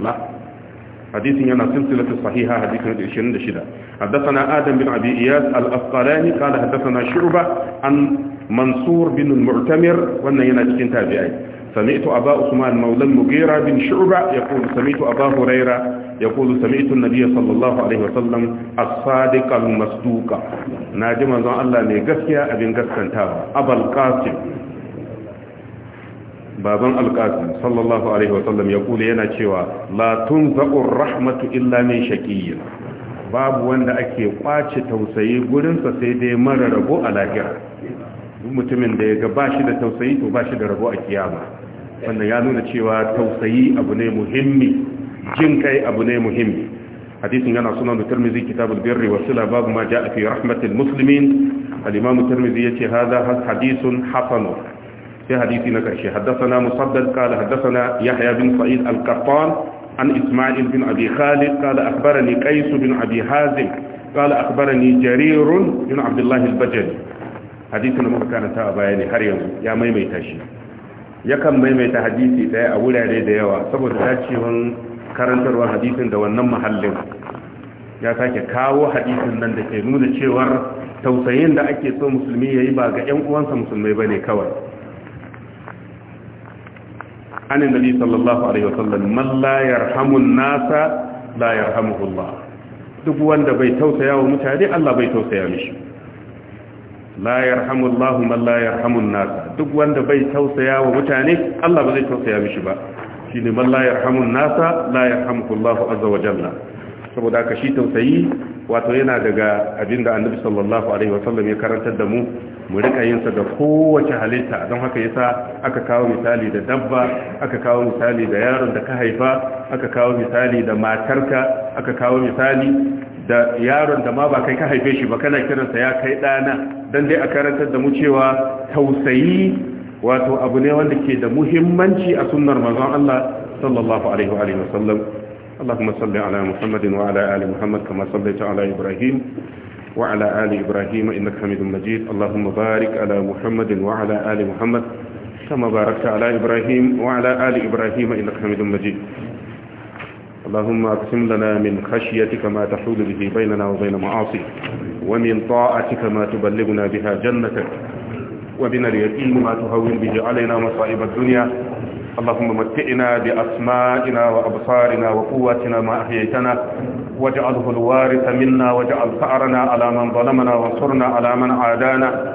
hadisin yana cin silatu sahiha hadisin 26 haddathana adam bin abi iyad al-asqalani qala na shu'ba an mansur bin al wannan yana cikin tabi'ai سمعت أبا عثمان مولى المغيرة بن شعبة يقول سمعت أبا هريرة يقول سمعت النبي صلى الله عليه وسلم الصادق المصدوق ناجم أن الله نيغسيا أبن غسكن تاوى أبا القاسم بابا القاسم صلى الله عليه وسلم يقول ينا شوى لا تنزع الرحمة إلا من شكي babu wanda ake kwace tausayi gurinsa sai dai mara rabo a lahira mutumin da ya ga ba shi da tausayi to ba shi da rabo a kiyama wannan ya nuna cewa tausayi abu ne muhimmi jin kai abu ne muhimmi hadisin yana sunan tirmizi kitabul birri wa sila babu ma ja'a fi rahmatil muslimin al-imam tirmizi yace hadha hadisun hasan sai hadisi na karshe haddathana musaddad qala haddathana yahya bin sa'id al-qattan an isma'il bin abi khalid qala akhbarani qais bin abi hazim qala akhbarani jarir bin abdullah al-bajali hadisin da muka karanta a bayani har yanzu ya maimaita shi yakan maimaita hadisi ɗaya a wurare da yawa saboda dacewan karantarwar hadisin da wannan mahallin ya sake kawo hadisin nan da ke nuna cewar tausayin da ake so musulmi ya yi ba ga 'yan uwansa musulmai ba ne kawai an yi nabi sallallahu alaihi wasallam man la yarhamun nasa la yarhamuhullah duk wanda bai tausaya wa mutane Allah bai tausaya mishi la yarhamu Allah man la yarhamu an-nas duk wanda bai tausaya wa mutane Allah ba zai tausaya mishi ba shine man la yarhamu an-nas la yarhamu Allah azza wa jalla saboda ka shi tausayi wato yana daga abinda Annabi sallallahu alaihi sallam ya karantar da mu mu rika yin sa ga kowace halitta don haka yasa aka kawo misali da dabba aka kawo misali da yaron da ka haifa aka kawo misali da matarka aka kawo misali da yaron da ma ba kai ka haife shi ba kana kiransa ya kai ɗana don dai a karantar da mu cewa tausayi wato abu ne wanda ke da muhimmanci a sunnar manzon Allah sallallahu alaihi wa alihi wasallam اللهم صل على محمد وعلى آل محمد كما صليت على إبراهيم وعلى آل إبراهيم إنك حميد مجيد اللهم بارك على محمد وعلى آل محمد كما باركت على إبراهيم وعلى آل إبراهيم إنك حميد مجيد اللهم اقسم لنا من خشيتك ما تحول به بيننا وبين معاصيك ومن طاعتك ما تبلغنا بها جنتك وبنا اليقين ما تهون به علينا مصائب الدنيا اللهم متئنا بأسمائنا وأبصارنا وقواتنا ما أحييتنا واجعله الوارث منا واجعل ثأرنا على من ظلمنا وانصرنا على من عادانا